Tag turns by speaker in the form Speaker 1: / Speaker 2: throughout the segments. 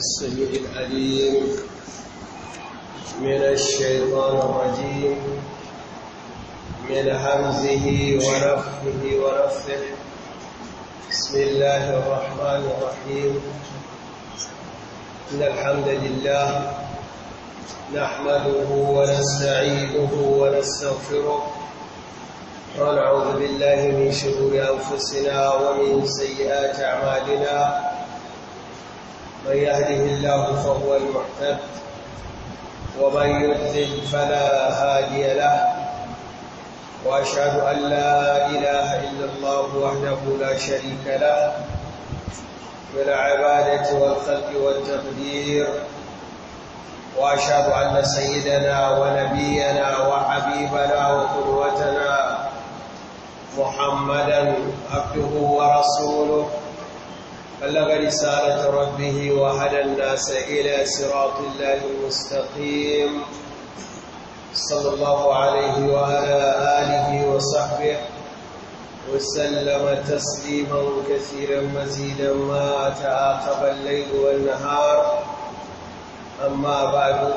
Speaker 1: السميع العليم من الشيطان الرجيم من همزه ونفه ونفه بسم الله الرحمن الرحيم إن الحمد لله نحمده ونستعينه ونستغفره ونعوذ بالله من شرور أنفسنا ومن سيئات أعمالنا
Speaker 2: من يهده الله فهو المعتد ومن
Speaker 1: يضلل فلا هادي له واشهد ان لا اله الا الله وحده لا شريك له من العباده والخلق والتقدير واشهد ان سيدنا ونبينا وحبيبنا وقدوتنا محمدا عبده ورسوله بلغ رسالة ربه وهدى الناس إلى صراط الله المستقيم صلى الله عليه وعلى آله وصحبه وسلم تسليما كثيرا مزيدا ما تعاقب الليل والنهار أما بعد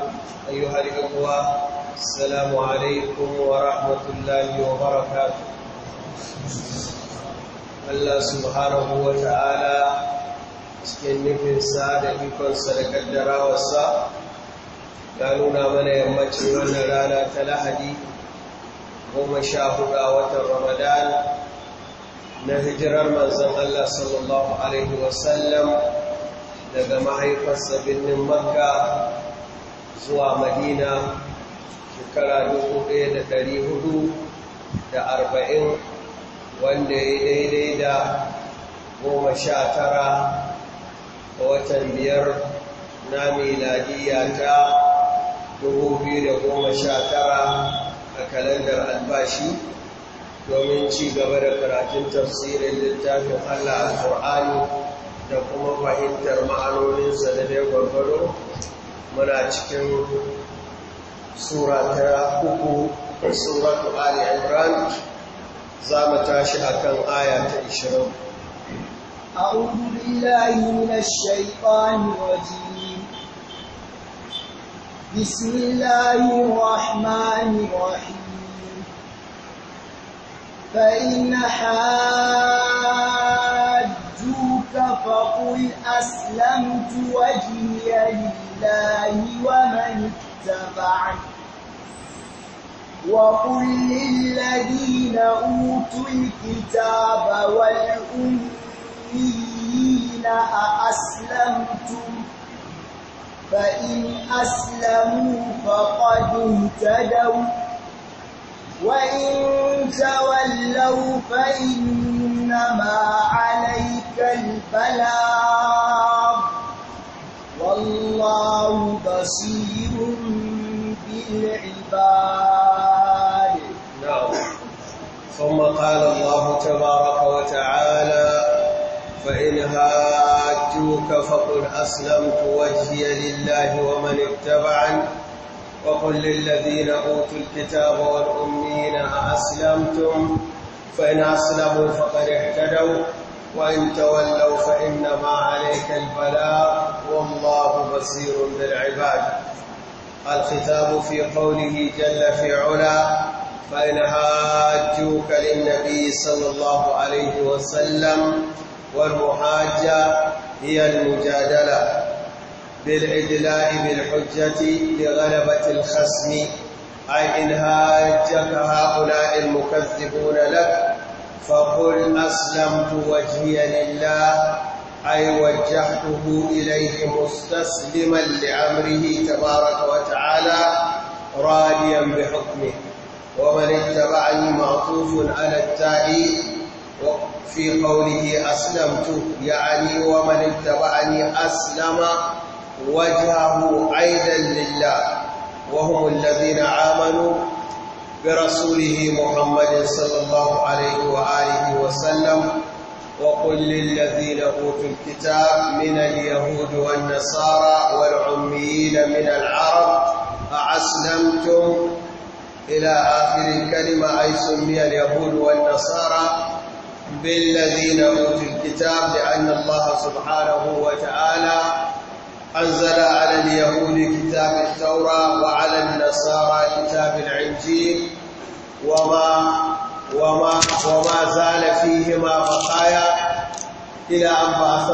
Speaker 1: أيها الإخوة السلام عليكم ورحمة الله وبركاته الله سبحانه وتعالى cikin nufinsa da ikonsa da kaddarawarsa ya nuna mana yammacin wannan rana ta lahadi goma sha hudu a watan ramadan na hijirar manzan Allah sallallahu Alaihi wasallam daga mahaifarsa birnin makka zuwa madina shekara arba'in, wanda ya daidai da goma sha tara a watan biyar na miladiyya ta 2019 a kalandar albashi domin ci gaba da karatun tafsirin littafin Allah al-Qur'ani da kuma fahimtar ma'anoninsa da dai gwargwaro muna cikin sura ta uku suratu Ali Imran za mu tashi akan aya
Speaker 3: ta 20 أعوذ بالله من الشيطان الرجيم بسم الله الرحمن الرحيم فإن حاجوك فقل أسلمت وجهي لله ومن اتبعني وقل للذين أوتوا الكتاب والأمة النبيين أأسلمتم فإن أسلموا فقد اهتدوا وإن تولوا فإنما عليك البلاغ والله بصير بالعباد نعم
Speaker 1: ثم قال الله تبارك وتعالى فإن هاجوك فقل أسلمت وجهي لله ومن اتبعن وقل للذين أوتوا الكتاب والأمين أسلمتم فإن أسلموا فقد اهتدوا وإن تولوا فإنما عليك البلاء والله بصير بالعباد الختام في قوله جل في علا فإن هاجوك للنبي صلى الله عليه وسلم والمحاجة هي المجادلة بالإدلاء بالحجة لغلبة الخصم أي إن هاجك هؤلاء المكذبون لك فقل أسلمت وجهي لله أي وجهته إليه مستسلما لأمره تبارك وتعالى
Speaker 2: راديا
Speaker 1: بحكمه ومن اتبعني معطوف على التائب في قوله أسلمت يعني ومن اتبعني أسلم وجهه عيدا لله وهم الذين آمنوا برسوله محمد صلى الله عليه وآله وسلم وقل للذين أوتوا الكتاب من اليهود والنصارى والعميين من العرب أأسلمتم إلى آخر الكلمة أي سمي اليهود والنصارى بالذين أوتوا الكتاب لأن الله سبحانه وتعالى أنزل على اليهود كتاب التوراة وعلى النصارى كتاب العنجيل وما وما وما زال فيهما بقايا إلى أن بعث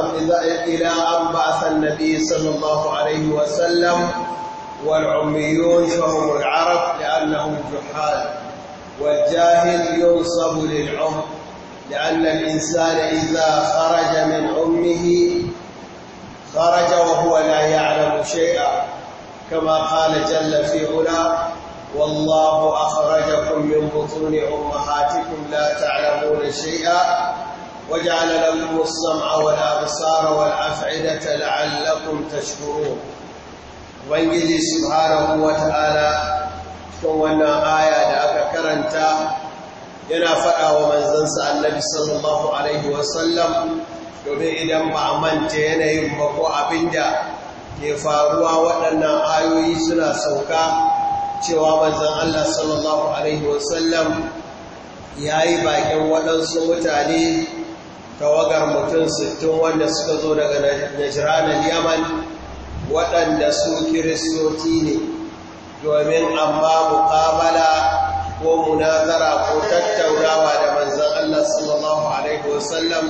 Speaker 1: إلى أن بعث النبي صلى الله عليه وسلم والعميون فهم العرب لأنهم جحال والجاهل ينصب للعمر لأن الإنسان إذا خرج من أمه خرج وهو لا يعلم شيئا كما قال جل في علا والله أخرجكم من بطون أمهاتكم لا تعلمون شيئا وجعل لكم السمع والأبصار والأفعدة لعلكم تشكرون وانجلي سبحانه وتعالى cikin آية aya da yana faɗa wa manzansa annabi sallallahu alaihi wasallam domin idan ba a manta yanayin ba ko da ke faruwa waɗannan ayoyi suna sauka cewa manzan Allah sallallahu alaihi wasallam ya yi bakin waɗansu mutane tawagar mutum sittin wanda suka zo daga najiranar yaman waɗanda su kiristoci ne domin amma muƙabala ko munazara ko tattaunawa da manzan Allah sallallahu Alaihi wasallam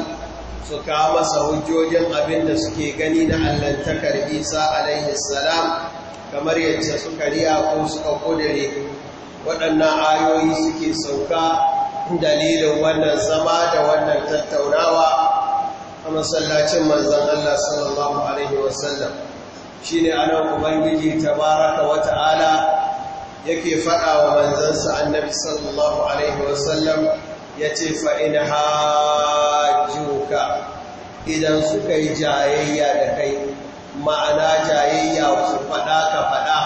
Speaker 1: su ka masa hujjojin abin da suke gani na allahntakar isa alaihi salam kamar yadda suka riya ko suka kudire waɗannan ayoyi suke sauka dalilin wannan zama da wannan tattaunawa a masallacin manzan Allah sallallahu alaihi wasallam shine anan ubangiji tabaraka wata'ala yake faɗa wa manzansa annabi sallallahu alaihi wasallam ya ce fa'in hajjuka idan suka yi jayayya da kai ma'ana jayayya su faɗa ka faɗa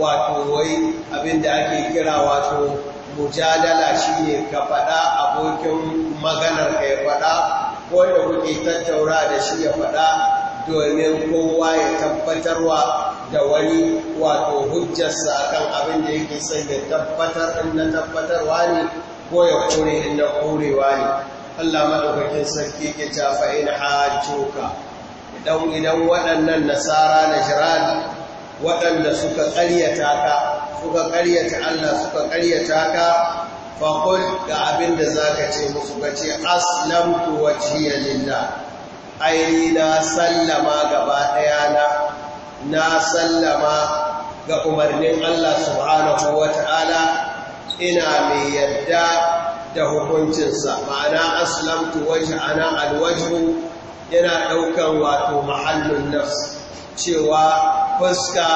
Speaker 1: wato wai abinda ake kira wato mujadala ne ka faɗa abokin maganar ka ya faɗa wanda kuke tattaura da shi ya faɗa domin kowa ya tabbatarwa da wani wato hujjarsa akan abin da yake sai ya tabbatar in na tabbatarwa ne ko ya kore in na korewa ne Allah maɗaukakin sarki ke ta fa'in hajjoka idan idan waɗannan nasara na jiran waɗanda suka ƙaryata ka suka ƙaryata Allah suka ƙaryata ka faƙon ga abin da za ka ce musu ka ce aslamtu wajiyar aini na sallama gaba ɗaya na na sallama ga umarnin Allah subhanahu wa ta'ala ina mai yadda da hukuncinsa ma'ana aslamtu waje ana alwajo yana ɗaukan wato mahallin nafs cewa fuska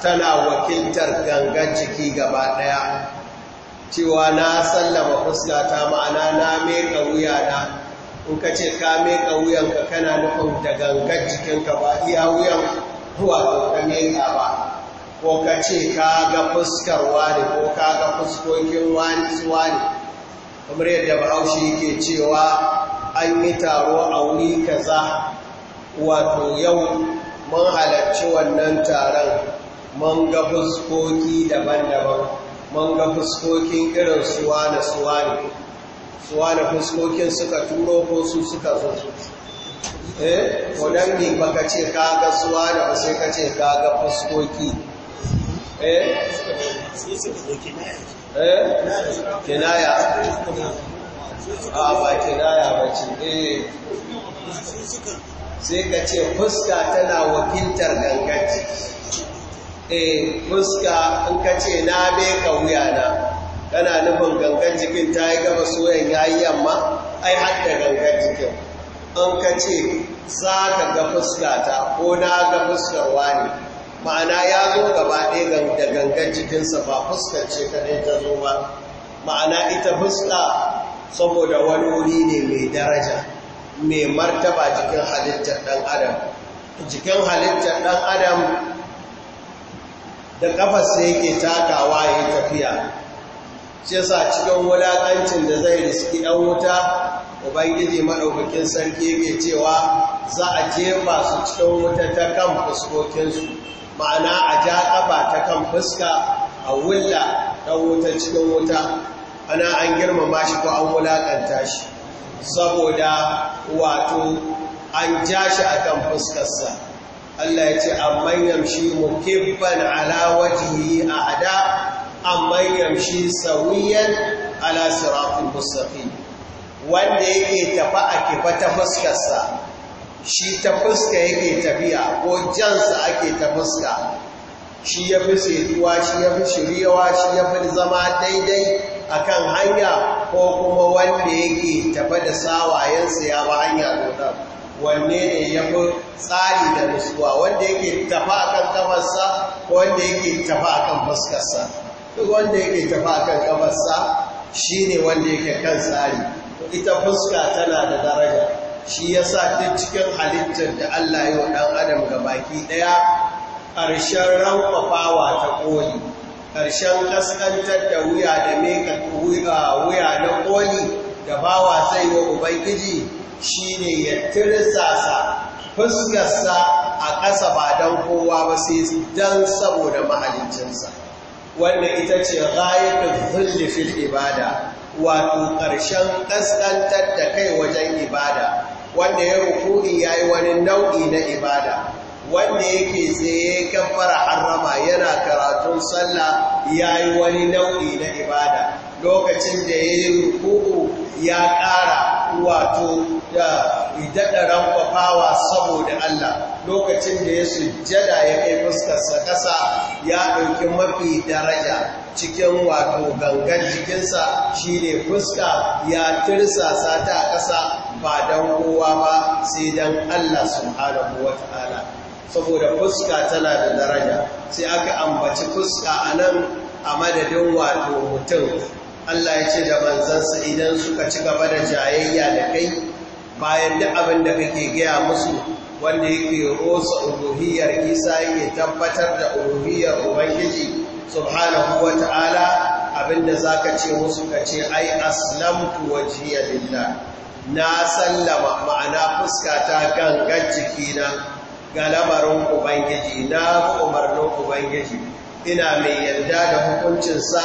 Speaker 1: tana wakiltar gangan jiki gaba ɗaya cewa na sallama fuska ta ma'ana na meka wuya na in ka ce ka meka wuyanka kana nufin da gangan jikinka ba iya wuyan wato ka meka ba ko ka ce ka ga fuskar wani ko ka ga fuskokin wani su wani kamar yadda bahaushe yake cewa an yi taro a wuri kaza wato yau mun halarci wannan taron mun ga fuskoki daban-daban mun ga fuskokin irin ne, suwa suwane
Speaker 3: fuskokin suka turo
Speaker 1: ko su suka zo eh ba ka ce ka ga suwa da ba sai ka ce ka ga fuskoki eh?
Speaker 2: Eh? kinaya a
Speaker 1: ah, ba kinaya ba ce eh. sai ka ce fuska tana wakiltar gangaji eh fuska in ka ce na be wuya na kana nufin gangan jikin ta yi gaba soyan yayi yamma ai hatta gangan jikin in ka ce za ka ga fuskata ko na ga fuskarwa ne ma'ana ya zo gaba ɗaya da gangan cikinsa ba fuskar ce kaɗai ta zo ba ma'ana ita fuska saboda wani wuri ne mai daraja mai martaba jikin halittar ɗan adam jikin halittar ɗan adam da ƙafarsa yake takawa ya tafiya shi yasa cikin wulaƙancin da zai riski ɗan wuta ubangiji maɗaukakin sarki mai cewa za a jefa su cikin wuta ta kan fuskokinsu ma'ana a ja ƙafa ta kan fuska a wulla ɗan wuta cikin wuta ana an girmama shi ko an wulaƙanta shi saboda wato an ja shi a kan fuskarsa Allah ya ce amman yamshi mukibban ala a ada amman yamshi sawiyan ala sirafin mustaqim wanda yake tafa a kifa ta fuskarsa shi ta fuska yake tafiya ko jansa ake ta fuska shi ya fi setuwa shi ya fi shiryawa shi ya fi zama daidai a kan hanya ko kuma wanda yake tafa da sawayensa ya ba hanya donar wanne ne ya fi tsari da nutsuwa wanda yake tafa a kan kafarsa ko wanda yake tafa a kan fuskarsa duk wanda yake tafi a kan kafarsa shi ne wanda yake kan tsari ita fuska tana da daraja shi yasa duk cikin halittar da Allah ya dan adam ga baki daya ƙarshen rankwafawa ta koli ƙarshen ƙasƙantar da wuya da wuya na ƙoli da bawa sai wa ubangiji shine ya tirsasa fuskarsa a ƙasa ba don kowa ba sai don saboda mahalicinsa. wanda ita ce ghayatul zulli fil ibada wato ƙarshen ƙasƙantar da kai wajen ibada wanda ya rukuni ya yi wani nau'i na ibada wanda yake tsaye fara harama yana karatun sallah ya yi wani nau'i na ibada lokacin da ya yi rukuku ya ƙara wato da daɗa rankwafawa saboda Allah lokacin da ya sujjada ya kai fuskarsa kasa ya ɗauki mafi daraja cikin wato gangan jikinsa shi ne fuska ya tirsasa ta ƙasa ba don kowa ba sai don Allah subhanahu wa ta'ala saboda fuska tana da daraja sai aka ambaci fuska a nan a madadin wato mutum Allah ya ce da manzansa idan suka ci gaba da jayayya da kai bayan da abin da kake gaya musu wanda yake rosa uluhiyar isa yake tabbatar da uluhiyar ubangiji subhanahu wa ta'ala abinda ka ce musu ka ce ai aslamtu wajhiya lillah na sallama ma'ana fuskata gangan jikina ga lamarin ubangiji na umarnin ubangiji ina mai yarda da hukuncinsa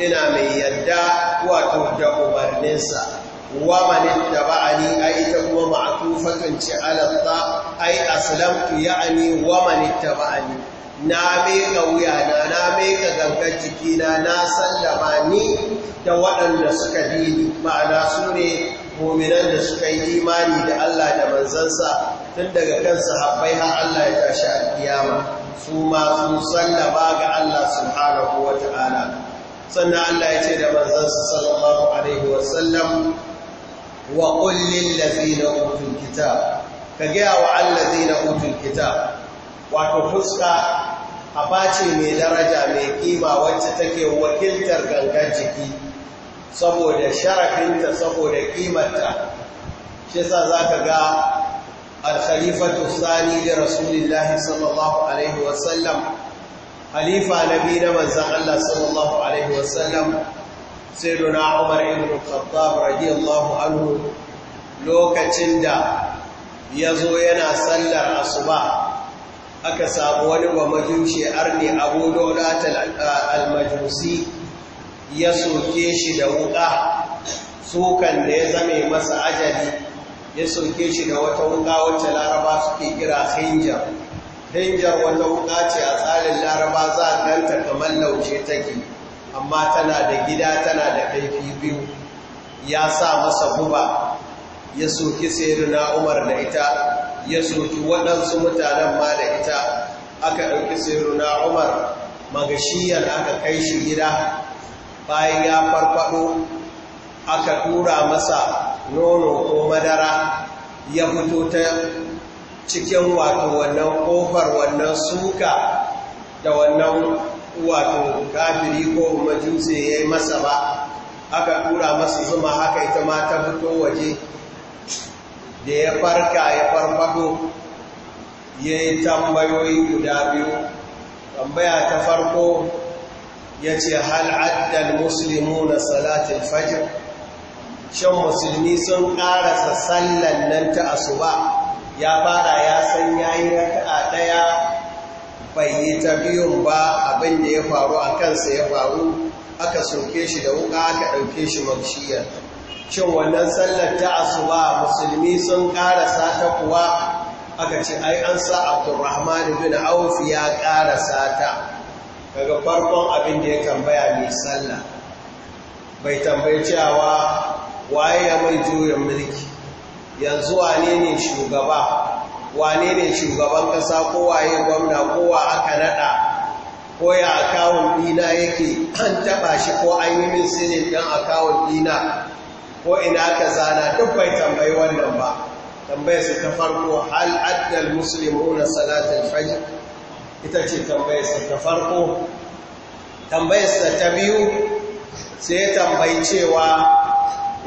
Speaker 1: ina mai yarda wato da umarninsa ومن ta أي تقوى معطوفة على أي أسلمت يعني ومن taba'ani na meka wuyana na meka gangar jikina na sallama ni da waɗanda suka bi ma'ana su ne mominan da suka yi imani da Allah da manzansa tun daga kan sahabbai har Allah ya tashi a kiyama su ma sun sallama ga Allah subhanahu sannan Allah ya ce da manzansa sallallahu alaihi sallam. wa qul lil ladzina utul kitab ka gaya wa allazina utul kitab wato fuska abace mai daraja mai kima wacce take wakiltar gangan jiki saboda sharafinta saboda ƙimarta. shi za ka ga Alkhalifatu sani da rasulillahi sallallahu alaihi wasallam khalifa nabi na manzon Allah sallallahu alaihi wasallam sayyiduna Umar ibn Khattab radiyallahu anhu lokacin da ya zo yana sallar asuba aka samu wani ba majushi arni abu daulat al-majusi ya soke shi da wuka sukan da ya zame masa ajali ya soke shi da wata wuka wacce laraba suke kira hinjar hinjar wata wuka ce a tsarin laraba za a ganta kamar laushe take amma tana da gida tana da kaifi biyu ya sa masa guba ya soki na Umar da ita ya soki waɗansu mutanen ma da ita aka ɗauki sayyidina Umar magashiyar aka kai shi gida bayan ya farfaɗo aka tura masa nono ko madara ya fito ta cikin wato wannan ƙofar wannan suka da wannan wato kafiri ko majuse ya yi masa ba aka tura masa zuma haka ita ma ta fito waje da ya farka ya farfado ya yi tambayoyi guda biyu tambaya ta farko ya ce hal'addal musulmi na salatin fajir shan musulmi sun ƙarasa sallan nan ta asuba ya fara ya san yayi a ɗaya bai yi ta biyun ba abin da ya faru a kansa ya faru aka soke shi da wuka aka ɗauke shi mabshiyar shin wannan sallar ta asuba musulmi sun ƙarasa ta kuwa aka ci ai an sa abdurrahman bin auf ya ƙarasa ta daga farkon abin da ya tambaya mai sallah bai tambayi cewa waye ya mai juyin mulki yanzu wane ne shugaba wane ne shugaban ƙasa ko waye gwamna ko wa aka naɗa ko ya akawun dina yake an taba shi ko an yi min sinin ɗan akawun dina ko ina ka zana duk bai tambayi wannan ba tambayar su ta farko hal addal muslimu na salatin fajr ita ce tambayar su ta farko tambayar su ta biyu sai ya tambayi cewa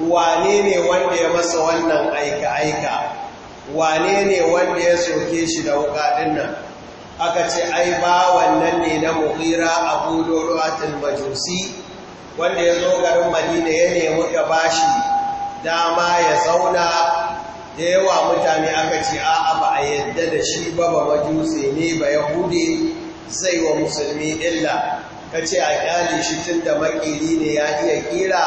Speaker 1: wane ne wanda ya masa wannan aika-aika wane ne wanda ya soke shi da wuƙa nan aka ce ai ba wannan ne na muhira a buloluwatin majusi wanda ya zo garin madina ya nemi ba bashi dama ya zauna da yawa mutane aka ce a'a ba a yadda da shi ba ba majusi ne ba ya hude zai wa musulmi illa ka ce a kyale shi tun da makili ne ya iya kira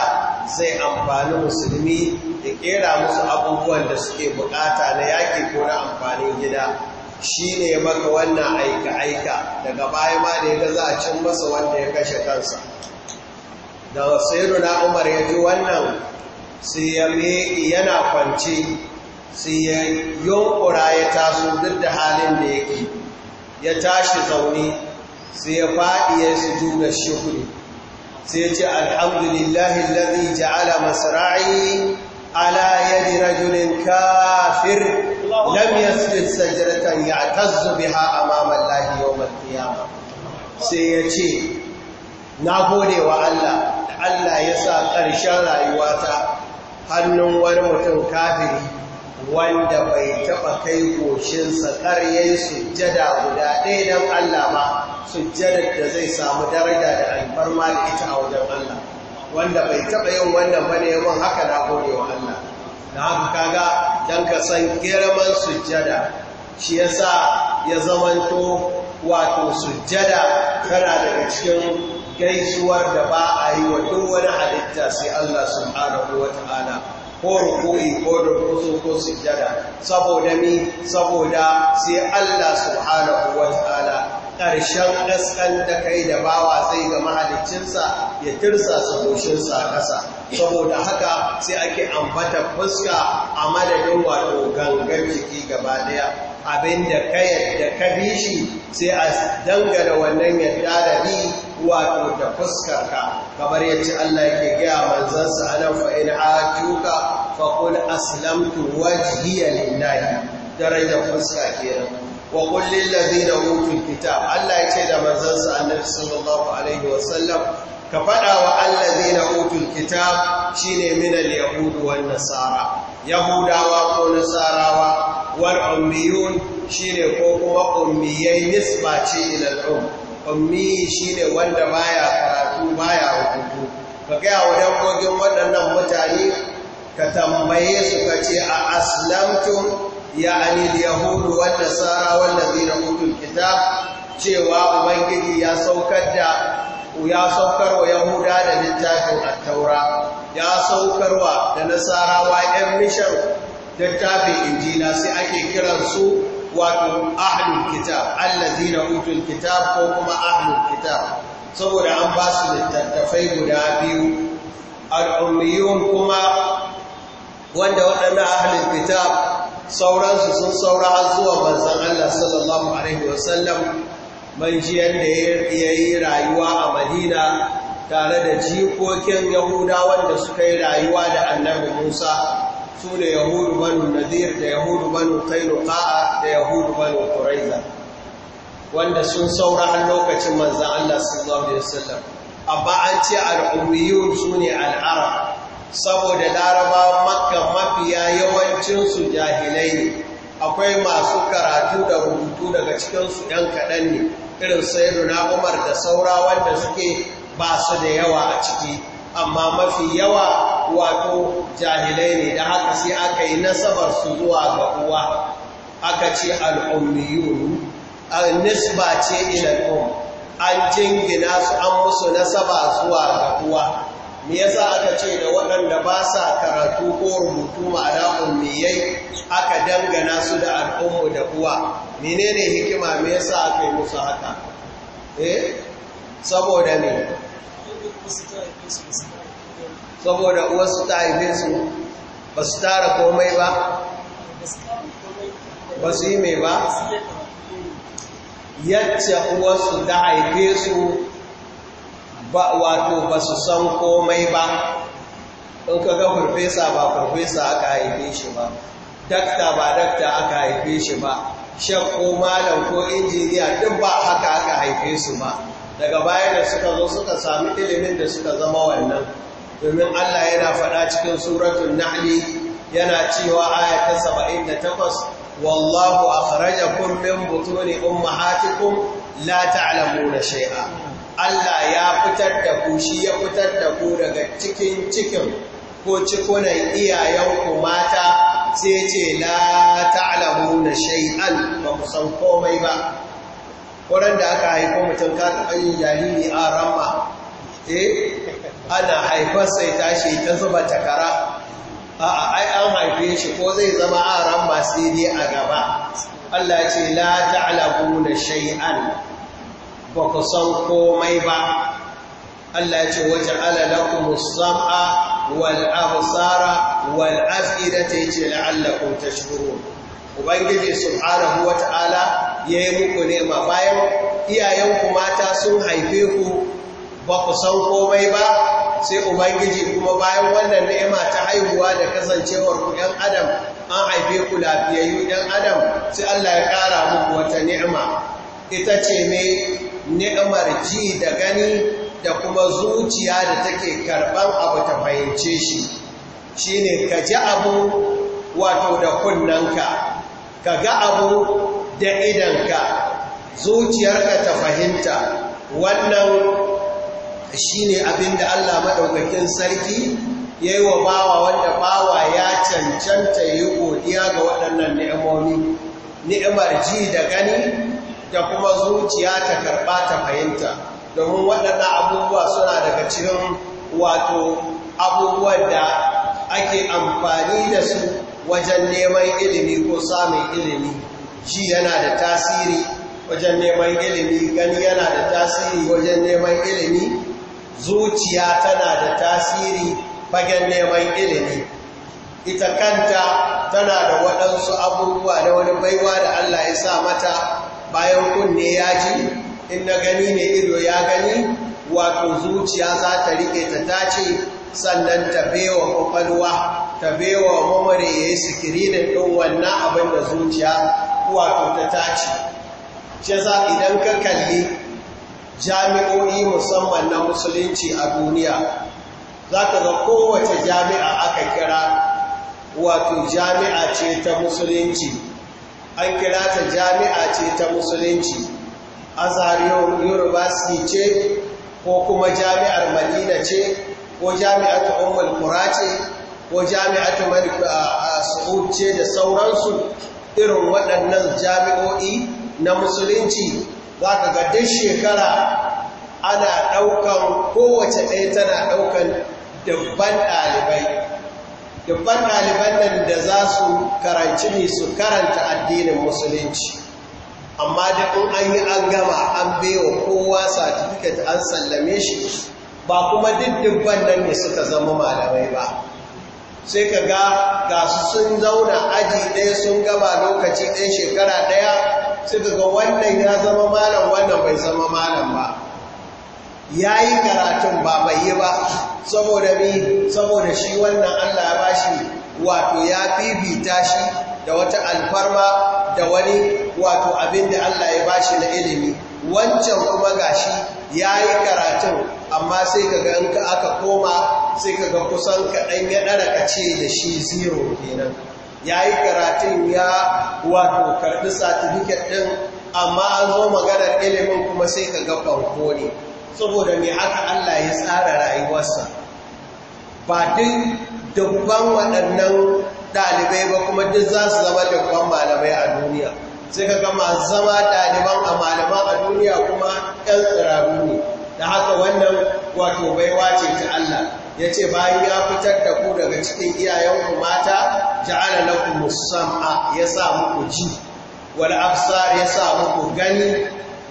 Speaker 1: zai amfani musulmi ya kera musu abubuwan da suke bukata na yaƙi ko na amfanin gida shi ne maka wannan aika-aika daga baya ma da ya za a cin masa wanda ya kashe kansa da sayidu na umar ya ji wannan sai ya miƙi yana kwanci sai ya yunkura ya taso duk da halin da yake ya tashi zaune sai ya faɗi ya su juna shukuri sai ya ce alhamdulillahi lalzi ja'ala masara'i على يد رجل كافر لم يسجد سجرة يعتز بها أمام الله يوم القيامة سيأتي نقول وعلا Allah ya sa ƙarshen rayuwata hannun wani mutum kafiri wanda bai taɓa kai goshinsa ƙaryen sujjada guda ɗaya don Allah ba sujjadar da zai samu daraja da alfarma da ita a wajen Allah. wanda bai taɓa yin wannan bane neman haka na gode wa Allah da haka kaga don ka san girman sujjada shi ya sa ya zamanto wato sujjada tana daga cikin gaisuwar da ba a yi wa duk wani halitta sai Allah subhanahu wata'ala ko ruku'i ko durkusu ko sujjada saboda mi saboda sai Allah subhanahu wata'ala ƙarshen gaskan da kai da bawa zai ga mahalicinsa ya tirsa saboshinsa a ƙasa saboda haka sai ake ambata fuska a madadin wato gangan jiki gaba ɗaya abinda ka yadda ka bi shi sai a dangana wannan yadda da bi wato da fuskar ka kamar yaci Allah yake gaya manzansa anan fa in ajuka fa qul aslamtu wajhiya lillahi darajar fuska kenan wa kullin ladina utul kitab Allah ya ce da manzansa annabi sallallahu alaihi wasallam ka fada wa alladina utul kitab shine min al wan nasara yahudawa ko nasarawa wal ummiyun shine ko kuma ummiyai nisba ce ila al-um ummi shine wanda baya karatu baya rubutu ka gaya wa gogin waɗannan mutane ka tambaye su ka ce a aslamtum
Speaker 2: Ya Yahudu, اليهود والنصارى والذين أوتوا Kitab,
Speaker 1: cewa ubangiji ya saukar da ya saukarwa yahuda da littafin attaura ya saukarwa da nasara wa yan mishar littafin Injina sai ake kiran su wato ahlul kitab allazina utul kitab ko kuma ahlul kitab saboda an ba su littattafai guda biyu al'ummiyun kuma wanda waɗannan ahlul kitab sauransu sun saura har zuwa manzan Allah sallallahu Alaihi wasallam man ji yadda ya yi rayuwa a Madina tare da jikokin Yahuda wanda suka yi rayuwa da annabi Musa su da Yahudu banu Nadir da Yahudu banu Kainuka da Yahudu banu Kuraiza wanda sun saura har lokacin manzan Allah sallallahu Alaihi wasallam. Abba an ce al'ummiyun su ne al’ara saboda laraba makka mafiya yawancinsu jahilai ne akwai masu karatu da rubutu daga cikinsu ɗan kaɗan ne irin sayidu na umar da saura wanda suke ba su da yawa a ciki amma mafi yawa wato jahilai ne da haka sai aka yi nasabar su zuwa ga uwa aka ce al'ummiyun nisba ce ilal'um an jingina su an musu nasaba zuwa ga uwa me yasa aka ce da waɗanda ba sa karatu ko rubutu ma'ana ummiyai aka dangana su da al'ummu da uwa menene hikima me yasa aka yi musu haka eh saboda me saboda uwarsu ta haife su ba su tara komai ba
Speaker 2: ba su yi mai ba
Speaker 1: yadda uwarsu ta haife su ba wato ba su san komai ba in ka ga farfesa ba farfesa aka haife shi ba dakta ba dakta aka haife shi ba shan ko malam ko injiniya duk ba haka aka haife su ba daga baya da suka zo suka sami ilimin da suka zama wannan domin Allah yana faɗa cikin suratun na'li yana cewa saba'in ta 78 wallahu kharajakun min butuni ummahatikum la na shai'a. Allah ya fitar da ku shi ya fitar da ku daga cikin cikin ko cikunan iyayenku mata sai ce la ta'lamu na shay'an ba mu san komai ba wurin da aka haifo mutum ka taɓa yin jariri a ramma eh ana haifar sai tashi ta zuba takara a'a ai an haife shi ko zai zama a ramma sai dai a gaba Allah ce la ta'lamu na shay'an ba ku san komai ba Allah ya ce waje alalakum sam'a wal absara wal afidata yace la'allakum tashkurun ubangiji subhanahu wata'ala yi muku nema bayan iyayenku mata sun haife ku ba ku san komai ba sai ubangiji kuma bayan wannan nema ta haihuwa da kasancewar ku ɗan adam an haife ku lafiyayyu ɗan adam sai Allah ya ƙara muku wata ni'ima ita ce mai ni'imar ji da gani da kuma zuciya da take karɓan abu ta fahimce shi shi ne ka ji abu wato da kunnanka ka ga abu da idanka zuciyarka ta fahimta wannan shi ne abin da Allah maɗaukakin sarki ya yi wa bawa wanda bawa ya cancanta ya yi godiya ga waɗannan ni'imomi ni'imar ji da gani da kuma zuciya ta karɓa ta fahimta domin waɗannan abubuwa suna daga cikin wato abubuwan da ake amfani da su wajen neman ilimi ko samun ilimi Shi yana da tasiri wajen neman ilimi gani yana da tasiri wajen neman ilimi zuciya tana da tasiri fagen neman ilimi ita kanta tana da waɗansu abubuwa da wani baiwa da Allah ya sa mata
Speaker 2: bayan kunne ya
Speaker 1: ji in na gani ne ido ya gani wato zuciya za ta rike ta tace sannan ta bewa kwakwalwa ta bewa mamare ya yi sikirinin ɗin wannan abin da zuciya wato ta tace ce za idan ka kalli jami'o'i musamman na musulunci a duniya za ka ga kowace jami'a aka kira wato jami'a ce ta musulunci an kira ta jami'a ce ta musulunci yoruba university ce ko kuma jami'ar madina ce ko Jami'ar umar Kura ce ko Jami'ar malik saud ce da sauransu irin waɗannan jami'o'i na musulunci za ka ga duk shekara ana ɗaukan kowace ɗaya tana ɗaukan dabban ɗalibai dubban ɗaliban nan da za su karanci ne su karanta addinin musulunci amma da in an yi an gama an baiwa kowa satifiket an sallame shi ba kuma dubban nan ne suka zama malamai ba sai ka ga ga su sun zauna aji ɗaya sun gama lokaci ɗaya shekara ɗaya sai ka ga wannan ya zama malam wannan bai zama malam ba ya yi karatun ba bai yi ba saboda bi saboda shi wannan Allah ya bashi wato ya fifita shi da wata alfarma da wani wato abin da Allah ya bashi na ilimi wancan kuma gashi ya yi karatun amma sai ka ga in ka aka koma sai ka ga kusan kaɗan ya ɗara ka ce da shi zero kenan ya yi karatun ya wato karɓi satifiket ɗin amma an zo maganar ilimin kuma sai ka ga fanko ne saboda mai haka Allah ya tsara rayuwarsa ba duk dubban waɗannan ɗalibai ba kuma duk za su zama dubban malamai a duniya sai ka gama zama ɗaliban a malaman a duniya kuma ɗan tsirarru ne da haka wannan wato bai wace ta Allah ya ce bayan ya fitar da ku daga cikin iyayenku mata ja'ala naku musamman ya sa muku ji Wani afsa ya sa muku gani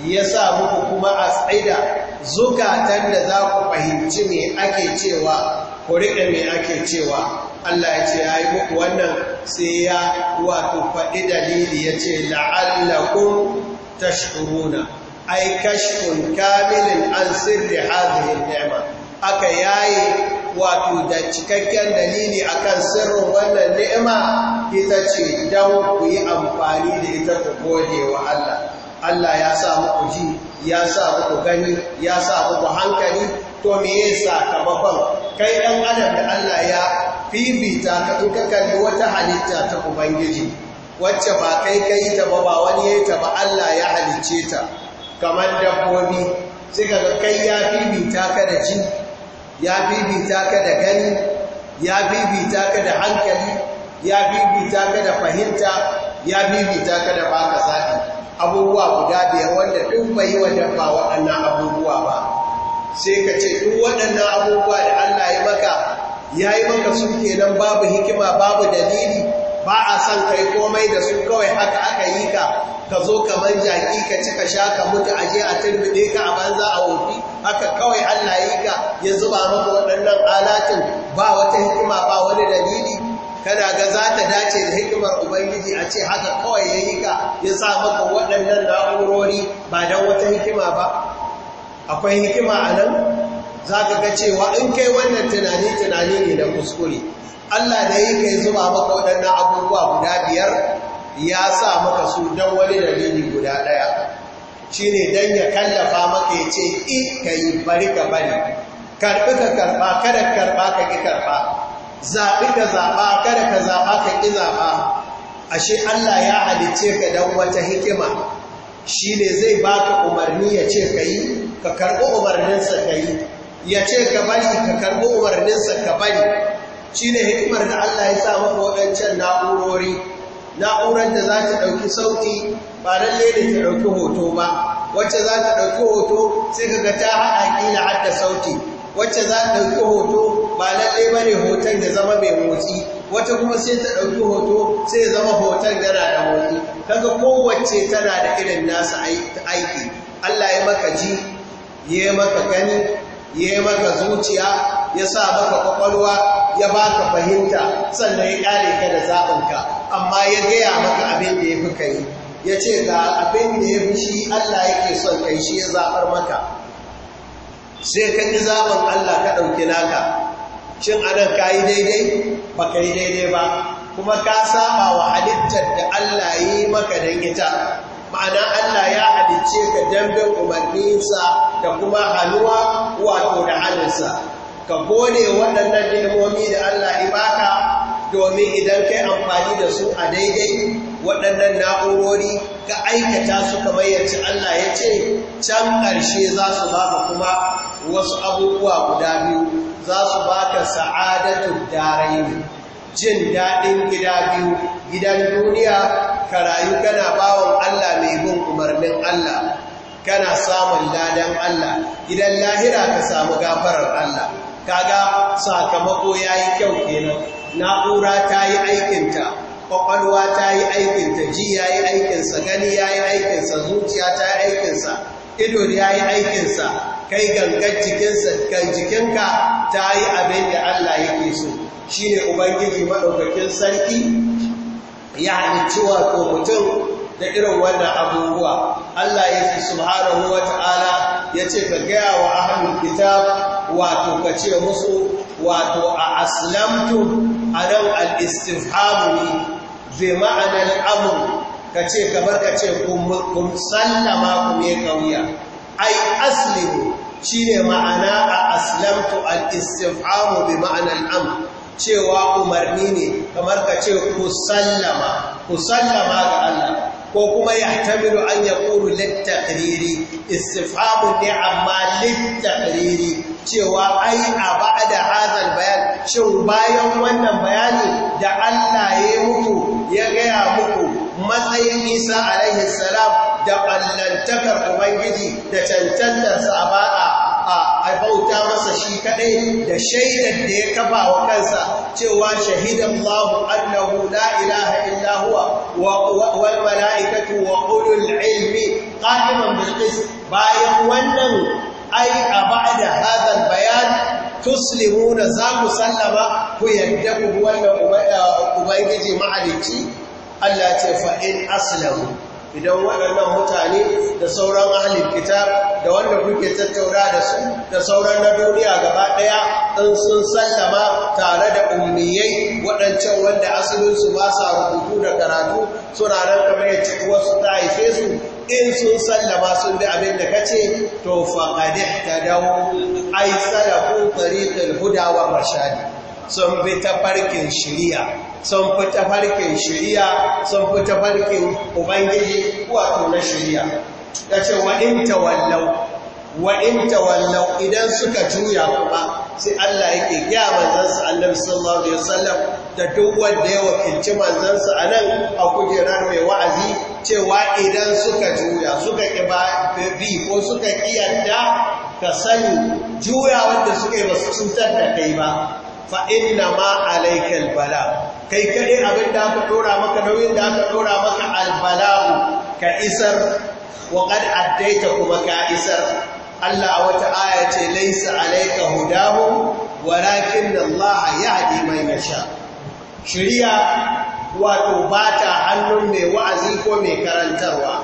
Speaker 1: ya sa muku kuma a tsaida zukatan da za ku fahimci me ake cewa ku riƙe me ake cewa Allah ya ce ya yi muku wannan sai ya wato faɗi dalili ya ce la'allakun tashkuruna ai kashfun kamilin an sirri hadhihi nema aka yayi wato da cikakken dalili akan sirrin wannan ni'ima ita ce don ku yi amfani da ita ku gode wa Allah Allah ya sa muku ji ya sa muku gani ya sa muku hankali to me yasa kababan kai ɗan adam da Allah ya fifita ka in ka kalli wata halitta ta ubangiji wacce ba kai kai ta ba ba wani yayi ta ba Allah ya halicce ta kamar dabbobi sai ga kai ya fifita ka da ji ya fifita ka da gani ya fifita ka da hankali ya bibita ka da fahimta ya bibita ka da baka sa'i abubuwa guda biyar wanda duk bai yi wa dabba waɗannan abubuwa ba sai ka ce duk waɗannan abubuwa da Allah ya maka ya yi maka su kenan babu hikima babu dalili ba a son kai komai da su kawai haka aka yi ka ka zo kamar jaki ka ci ka sha ka mutu a je a turbide ka a banza a wofi haka kawai Allah ya yi ka ya zuba maka waɗannan alatin ba wata hikima ba wani dalili kana ga za ta dace da hikimar ubangiji a ce haka kawai ya yi ka ya sa maka waɗannan na'urori ba don wata hikima ba akwai hikima a nan za ka ga cewa in kai wannan tunani tunani ne da kuskure allah da yi kai zuba maka waɗannan abubuwa guda biyar ya sa maka su don wani dalili guda ɗaya shi ne don ya kallafa maka ya ce i ka yi bari ka bari karɓi ka karɓa kada karɓa ka ƙi karɓa zaɓi ka zaɓa kada ka zaɓa ka ƙi zaɓa ashe Allah ya halice ka don wata hikima shi ne zai baka umarni ya ce ka yi ka karɓi umarninsa ka yi ya ce ka bari ka karɓi umarninsa ka bari shi ne hikimar da Allah ya sa maka waɗancan na'urori na'urar da za ta ɗauki sauti ba lalle da ta ɗauki hoto ba wacce za ta ɗauki hoto sai ka ga ta haɗa ƙila har sauti wacce za ta ɗauki hoto ba ba ne hoton ya zama mai motsi wata kuma sai ta ɗauki hoto sai zama hoton yana da motsi kaga kowace tana da irin nasa aiki Allah ya maka ji ya maka gani ya maka zuciya ya sa maka kwakwalwa ya baka fahimta sannan ya ƙare ka da zaɓinka amma ya gaya maka abin da ya fi kai ya ce ga abin da ya fi shi Allah yake son kai shi ya zaɓar maka sai ka ji zaɓin Allah ka ɗauki naka shin anan ka yi daidai ba ka yi daidai ba kuma ka saba wa halittar da Allah yi maka don ita ma'ana Allah ya halicce ka dambin umarninsa da kuma hannuwa wato da halinsa. ka gode waɗannan nemomi da Allah baka domin idan kai amfani da su a daidai waɗannan na'urori ka aikata su kamar yace Allah ya ce can ƙarshe za su ba kuma wasu abubuwa guda biyu za su ba baka sa'adatun daraini jin daɗin gida biyu gidan duniya ka rayu kana bawon Allah mai bin umarnin Allah kana samun ladan Allah gidan lahira ka samu gafarar Allah kaga sakamako ya yi kyau kenan na'ura ta yi aikinta Ƙwaƙwalwa ta yi aikinta ji ya yi aikinsa gani ya yi aikinsa zuciya ta yi aikinsa ido ya yi aikinsa kai gangar jikinsa kan jikinka ta yi abin da Allah yake so shi ne ubangiji maɗaukakin sarki ya halicci ko mutum da irin wannan abubuwa Allah ya ce subhanahu wa ta'ala ya ce ka gaya wa ahlul kitab wato ka ce musu wato a aslamtu a al-istifhamu zai bi ma'anar amr ka ce kamar ka ce kun sallama kum ya kauya ai aslimu shine ma'ana a aslamtu al-istifhamu bi ma'ana al-amr cewa umarni ne kamar ka ce ku sallama ku sallama ga Allah ko kuma ya tamiru an ya ƙuru littakariri istifhamu ne amma littakariri cewa ai a ba'ada hazal bayan shin bayan wannan bayani da Allah ya muku ya gaya muku matsayin isa alaihi salam da ballantakar ubangiji da cancantarsa a a bauta masa shi kadai da shaidar da ya kafa wa kansa cewa shahidan Allahu annahu la ilaha illa huwa wal malaikatu wa ulul ilmi qa'iman bil qist bayan wannan ai a ba'da hadha al bayan tuslimuna za ku sallama ku yadda ku wannan ubangiji ma'alici Allah ce fa'in aslamu idan waɗannan mutane da sauran ahalin kitab da wanda kuke tattauna da su da sauran na duniya gaba ɗaya in sun sallama tare da ummiyai waɗancan wanda asalinsu ba sa rubutu da karatu suna ran kamar yadda wasu ta haife in sun sallama sun bi abin da kace to faqadih tadaw ay salaku tariqal huda wa rashadi sun ta tafarkin shiriya sun fi tafarkin shiriya sun fi tafarkin ubangiji wato na shiriya ya ce wa'in wallau wa'in wallau idan suka juya kuma sai Allah yake gya manzansa annabi sallallahu alaihi wasallam da duk wanda ya wakilci manzansa a nan a kujerar mai wa'azi cewa idan suka juya suka bi ko suka kiyanta ka sani juya wanda suka yi ba su cutar da kai ba fa inna ma alaikal bala kai kaɗai abin da aka ɗora maka nauyin da aka ɗora maka albala'u ka isar wa qad addaita kuma ka isar Allah wata aya ce laisa alaika hudahu walakin Allah yahdi mai nasha? Shirya wato bata hannun mai wa'azi ko mai karantarwa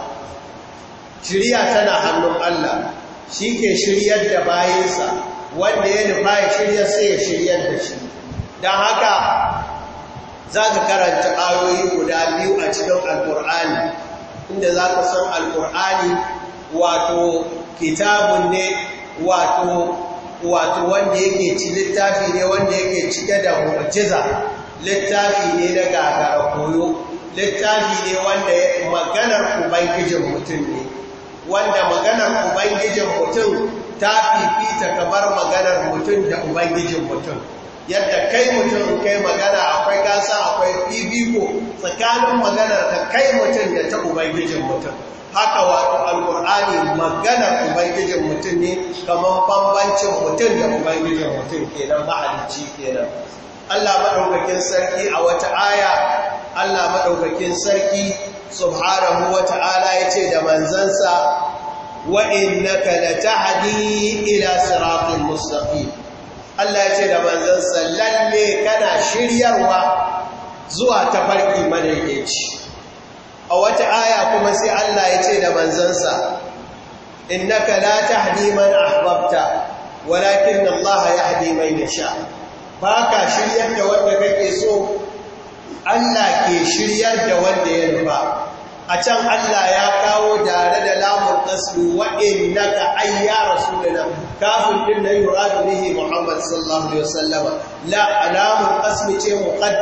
Speaker 1: Shirya tana hannun Allah shi ke shiryar da bayinsa wanda ya nufa ya shirya sai ya shiryar da shi don haka za ka karanta ayoyi guda biyu a cikin alkur'ani inda za ka san alkur'ani wato kitabun ne wato wato wanda yake ci littafi ne wanda yake cike da mu'jiza littafi ne na gagara koyo littafi ne wanda maganar ubangijin mutum ne wanda maganar ubangijin mutum ta fifita kamar maganar mutum da ubangijin mutum yadda kai mutum kai magana akwai gasa akwai fifiko tsakanin maganar da kai mutum da ta ubangijin mutum haka wato alkur'ani maganar ubangijin mutum ne kamar bambancin mutum da ubangijin mutum kenan ma'alici kenan Allah maɗaukakin sarki a wata aya Allah maɗaukakin sarki subhanahu wata'ala ya ce da manzansa وإنك لتهدي إلى صراط مستقيم Allah ya ce da manzansa lalle kana shiryarwa zuwa tafarki madaidaici a wata aya kuma sai Allah ya ce da manzansa innaka la tahdi man ahbabta walakin Allah yahdi man yasha baka shiryar da wanda kake so Allah ke shiryar da wanda ya nufa a can Allah ya kawo dare da lamun qasmi wa innaka ay ya rasulana kafin din yi yuradu nihi Muhammad sallallahu alaihi wasallama la alamun qasmi ce na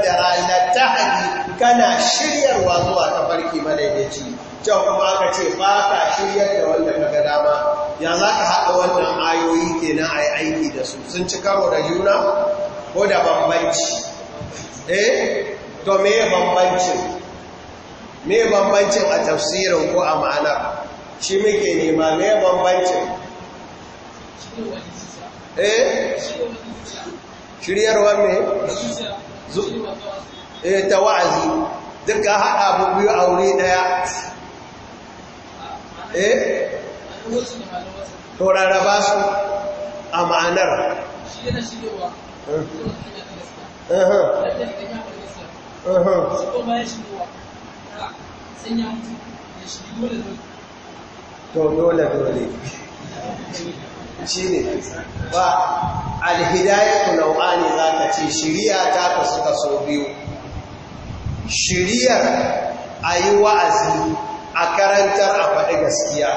Speaker 1: ta haɗi kana shiryarwa zuwa tafarki madaidaici can kuma aka ce ba ka shiryar da wanda ka ga dama ya za ka haɗa wannan ayoyi kenan a yi aiki da su sun ci karo da juna ko da bambanci eh? me bambancin a tafsirin ko a ma'ana shi muke nema me bambancin eh shiryarwa me eh ta wa'azi duka haɗa biyu a wuri ɗaya eh to rarraba su a ma'anar
Speaker 2: shi yana shiryarwa Uh-huh. Uh-huh.
Speaker 3: to
Speaker 1: dole dole ne. ba alhidayatu nau'ani zaka ce shiriya ta kasu kaso biyu shiriyar a yi wa'azi a karantar a faɗi gaskiya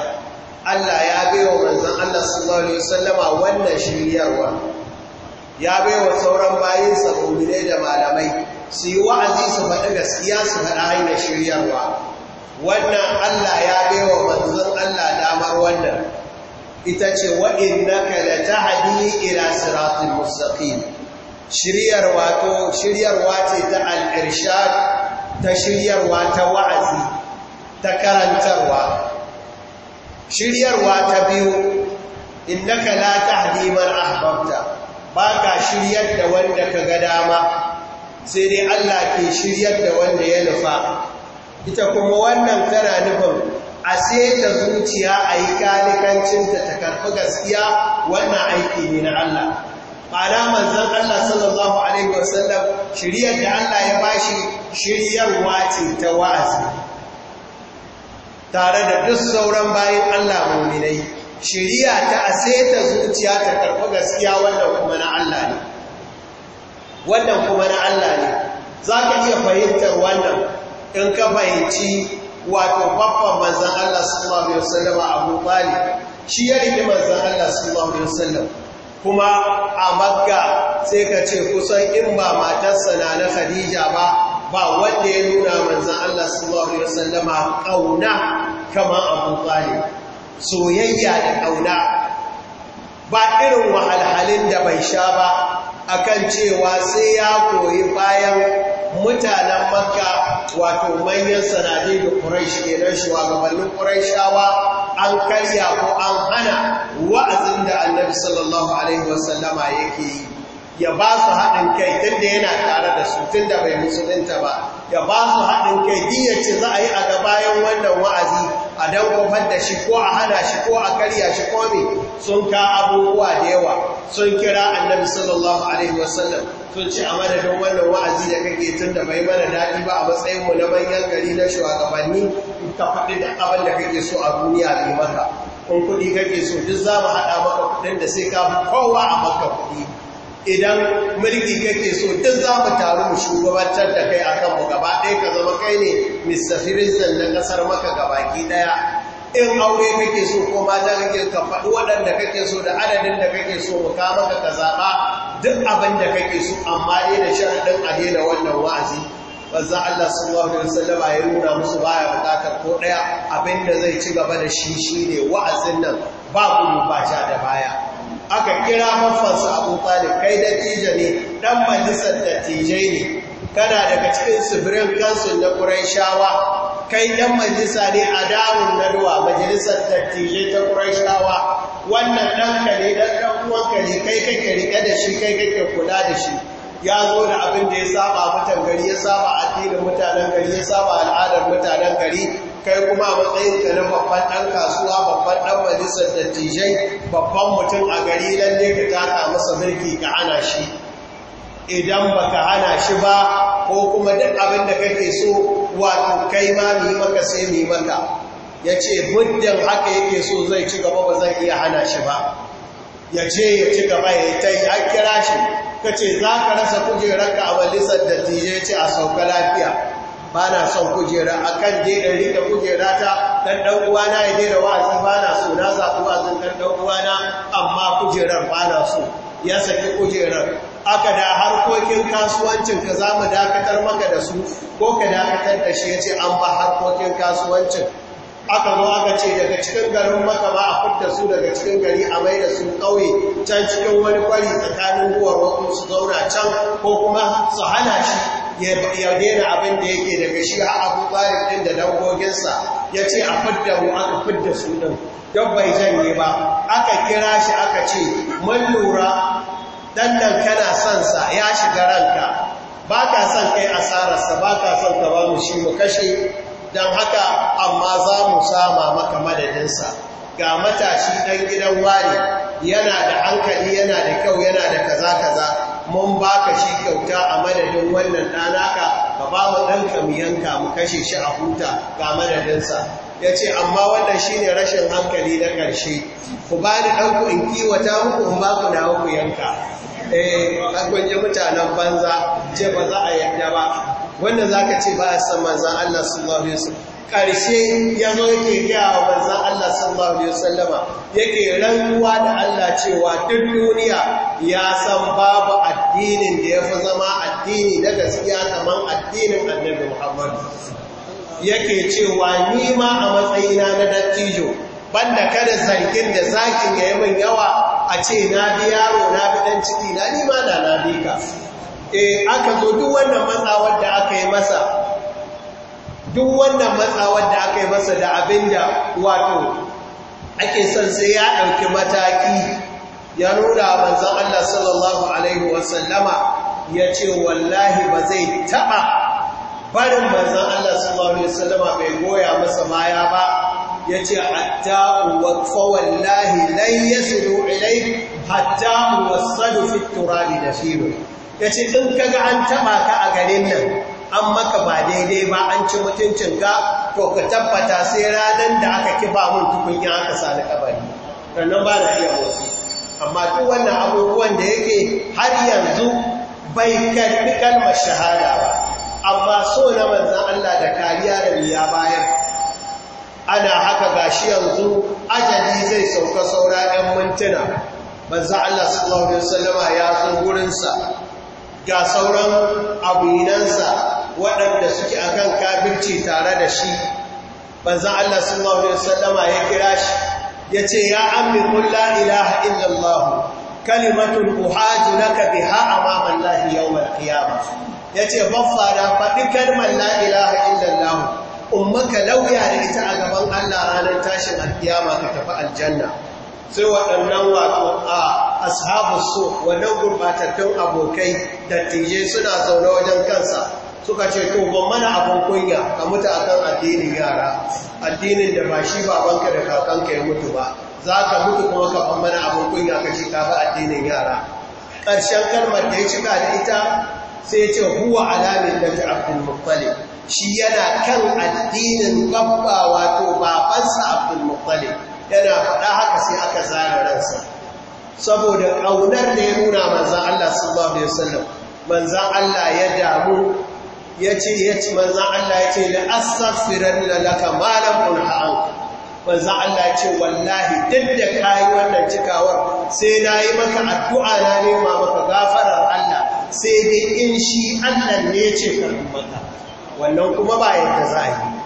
Speaker 1: Allah ya baiwa manzon Allah sallallahu alaihi wasallama wannan shiriyarwa ya baiwa sauran bayinsa mu'minai da malamai su yi wa'azi su faɗi gaskiya su faɗa hanyar shiryarwa wannan Allah ya baiwa manzon Allah damar wannan ita ce wa'innaka da ta hadi ila siratun mustaqim shiryar shiryarwa ce ta al'irshad ta shiryarwa ta wa'azi ta karantarwa shiryarwa ta biyu innaka la tahdi man ahbabta baka shiryar da wanda ka ga dama sai dai Allah ke shiryar da wanda ya nufa ita kuma wannan tana nufin a ta zuciya a yi kalikancinta ta karfi gaskiya wannan aiki ne na Allah ma'ana manzan Allah sallallahu Alaihi wasallam shiryar da Allah ya bashi shiryarwa ce ta wa'azi tare da duk sauran bayan Allah muminai shirya ta a ta zuciya ta karfi gaskiya wannan kuma na Allah ne wannan kuma na Allah ne za ka iya fahimtar wannan in ka fahimci wato babban manzan Allah sallallahu alaihi wasallam Abu Talib shi ya rike manzan Allah sallallahu alaihi wasallam kuma a Makka sai ka ce kusan in ba matarsa na na Khadija ba ba wanda ya nuna manzan Allah sallallahu alaihi wasallam kauna kamar Abu ne soyayya da kauna ba irin wahalhalin da bai sha ba akan cewa sai ya koyi bayan mutanen makka wato manyan sanadi da ƙuraish kenan shugabannin ƙuraishawa an karya ko an hana wa'azin da annabi sallallahu alaihi wasallama yake yi ya ba su haɗin kai tun da yana tare da su tun da bai musulunta ba ya ba su haɗin kai diyace za a yi a gabayan wannan wa'azi a dauko da shi ko a hana shi ko a karya shi ko me sun ka abubuwa da yawa sun kira annabi sallallahu alaihi wasallam sun ci a madadin wannan wa'azi da kake tun da bai mana daɗi ba a matsayin mu na manyan gari na shugabanni ka faɗi da abin da kake so a duniya bai maka kun kuɗi kake so duk za mu haɗa maka kuɗin da sai ka kowa a maka kuɗi idan mulki kake so tun za mu taru mu shugabantar da kai akan mu gaba ɗaya ka zama kai ne Mr. sannan na ƙasar maka gabaki ɗaya in aure kake so ko mata kake ka faɗi waɗanda kake so da adadin da kake so mu ka maka ka zaɓa duk abin da kake so amma dai da ɗin a daina wannan wa'azi banza Allah sallallahu alaihi wasallam ya nuna musu baya bukatar ko ɗaya abinda zai ci gaba da shi shine wa'azin nan ba ku ba da baya aka kira mafansa abu talib kai dattijo ne ɗan da dattijai ne kana daga cikin tsibirin kansu na ƙuraishawa kai ɗan majisa ne a dawun narwa majalisar dattijai ta ƙuraishawa wannan ɗan kare ɗan ɗan uwanka ne kai kake riƙe da shi kai kake kula da shi ya zo da abin da ya saba mutan gari ya saba addinin mutanen gari ya saba al'adar mutanen gari kai kuma a matsayin ka na babban ɗan kasuwa babban ɗan majalisar dattijai babban mutum a gari lalle ka taka masa mulki ka hana shi idan baka hana shi ba ko kuma duk abin da kake so wato kai ma mu maka sai mu yi maka ya ce muddin haka yake so zai ci gaba ba zai iya hana shi ba ya ce ya ci gaba ya yi ta yi kira shi ka ce za ka rasa kujerar ka a walisar da tije ce a sauka lafiya ba na son kujera a kan je in rike kujera ta ɗan uwana ya je da ba na so na zaɓi wa'azin ɗan uwana. amma kujerar ba na so ya saki kujerar aka da harkokin kasuwancin ka za mu dakatar maka da su ko ka dakatar da shi ya ce an ba harkokin kasuwancin aka zo aka ce daga cikin garin maka ba a fita su daga cikin gari a mai da su ƙauye can cikin wani kwari tsakanin ruwar wasu su zauna can ko kuma su hana shi ya daina abin da yake daga shi a abu bayan ɗin da dangoginsa ya ce a fidda mu aka fidda su ɗin don bai janye ba aka kira shi aka ce mun lura ɗan nan kana son sa ya shiga ranka ba ka son kai asararsa ba ka son ka ba mu shi mu kashe don haka amma za mu sama maka madadinsa ga matashi ɗan gidan ware yana da hankali yana da kyau yana da kaza-kaza mun baka shi kyauta a madadin wannan ɗanaka ka ba mu ɗanka mu yanka mu kashe shi a huta ga madadinsa ya ce amma wannan shi ne rashin hankali na ƙarshe ku ba ni ɗanku in kiwata muku in ba ku na ku yanka eh ƙunji mutanen banza ce ba za a yadda ba Wanda za ka ce ba a san manzan Allah sallallahu Alaihi wasallam ƙarshe ya zo yake gaya wa manzan Allah sallallahu Alaihi wasallama yake ran'uwa da Allah cewa duk duniya ya san babu addinin da ya fi zama addini na gaskiya kamar addinin annabi Muhammad yake cewa ni ma a matsayina na dattijo banda kada zargin da zakin ya yi min yawa a ce na bi yaro na bi dan ciki na ni ma na na ka Eh, aka zo duk wannan matsawar da aka yi masa duk wannan matsawar da aka yi masa da abinda wato ake son sai ya ɗauki mataki ya nuna banzan Allah sallallahu Alaihi wasallama ya ce wallahi ba zai taɓa barin banzan Allah sallallahu Alaihi wasallama bai goya masa baya ba ya ce hatta fa wallahi lai ya suru ilai hatta wasu fi turari da ya ce ɗin kaga an taɓa ka a garin nan an maka ba daidai ba an ci mutuncinka ko ka tabbata sai ranar da aka kifa mun tukunya aka sani kabari rannan ba da iya motsi amma duk wannan abubuwan da yake har yanzu bai karɓi kalmar shahada ba amma so na manzan Allah da kariya da miya bayan ana haka gashi yanzu ajali zai sauka saura 'yan mintuna manzan Allah sallallahu Alaihi wasallama ya zo gurinsa ga sauran abinansa waɗanda suke akan kafirci tare da shi banzan Allah sallallahu alaihi sallama ya kira shi yace ya ammi qul la ilaha illa Allah kalimatun uhaju laka biha amama Allah yawm al-qiyamah yace baffara faɗi kalmar la ilaha illa Allah lauya da ita a gaban Allah ranar tashin alkiyama ka tafi aljanna sai waɗannan wato a ashabu su wannan gurbatattun abokai dattijai suna zaune wajen kansa suka ce to ban mana abin kunya ka mutu akan addinin yara addinin da ba shi babanka da kakanka ya mutu ba za ka mutu kuma ka ban mana abin kunya ka ce ka fi addinin yara ƙarshen kalmar da ya cika da ita sai ya ce huwa alamin da ta abdul shi yana kan addinin babba wato babansa abdul muttalib yana faɗa haka sai aka zara ransa saboda ƙaunar da ya nuna manzan Allah sallallahu alaihi wasallam manzan Allah ya damu ya ce ya ce manzan Allah ya ce da astaghfiran laka ma lam unha manzan Allah ya ce wallahi duk da kayi wannan cikawar sai na yi maka addu'a na nema maka gafarar Allah sai dai in shi Allah ne ya ce karɓi maka wannan kuma ba yadda za a yi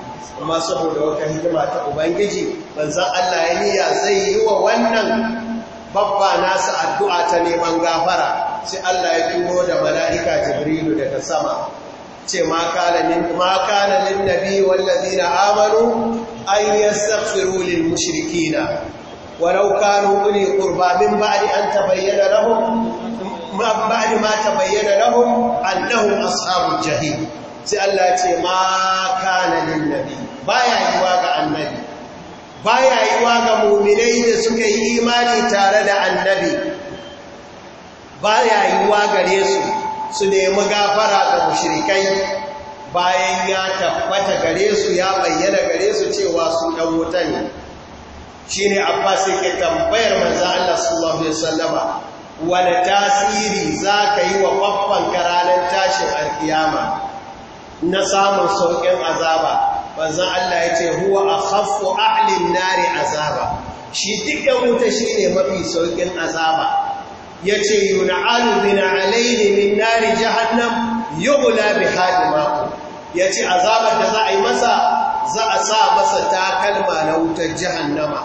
Speaker 1: amma saboda wata hidima ta ubangiji banzan Allah ya niya zai yi wa wannan babba nasa addu'a ta neman gafara sai Allah ya kimo da mala'ika jibrilu daga sama ce ma kana lin nabi amaru, amanu an yastaghfiru lil mushrikina walau kanu uli ne min ba'di an tabayyana rahun, ma ba'di ma tabayyana
Speaker 2: lahum a ashabul jahim
Speaker 1: sai Allah ce ma kana lin nabi baya yiwa ga annabi baya yiwa ga mu'minai da suka yi imani tare da annabi baya yiwa gare su su nemi gafara ga mushrikai bayan ya tabbata gare su ya bayyana gare su cewa su dan wuta ne shine Abbas yake tambayar manzo Allah sallallahu alaihi wasallama wani tasiri za ka yi wa babban ranar tashin alkiyama na samun sauƙin azaba banzan Allah ya ce huwa a haffu ahlin nari azaba shi duk da wuta shi ne mafi sauƙin azaba ya ce yuna alubina alaini min nari jahannam yugula bi haɗi mako ya ce azabar da za a yi masa za a sa masa takalma na wutar jahannama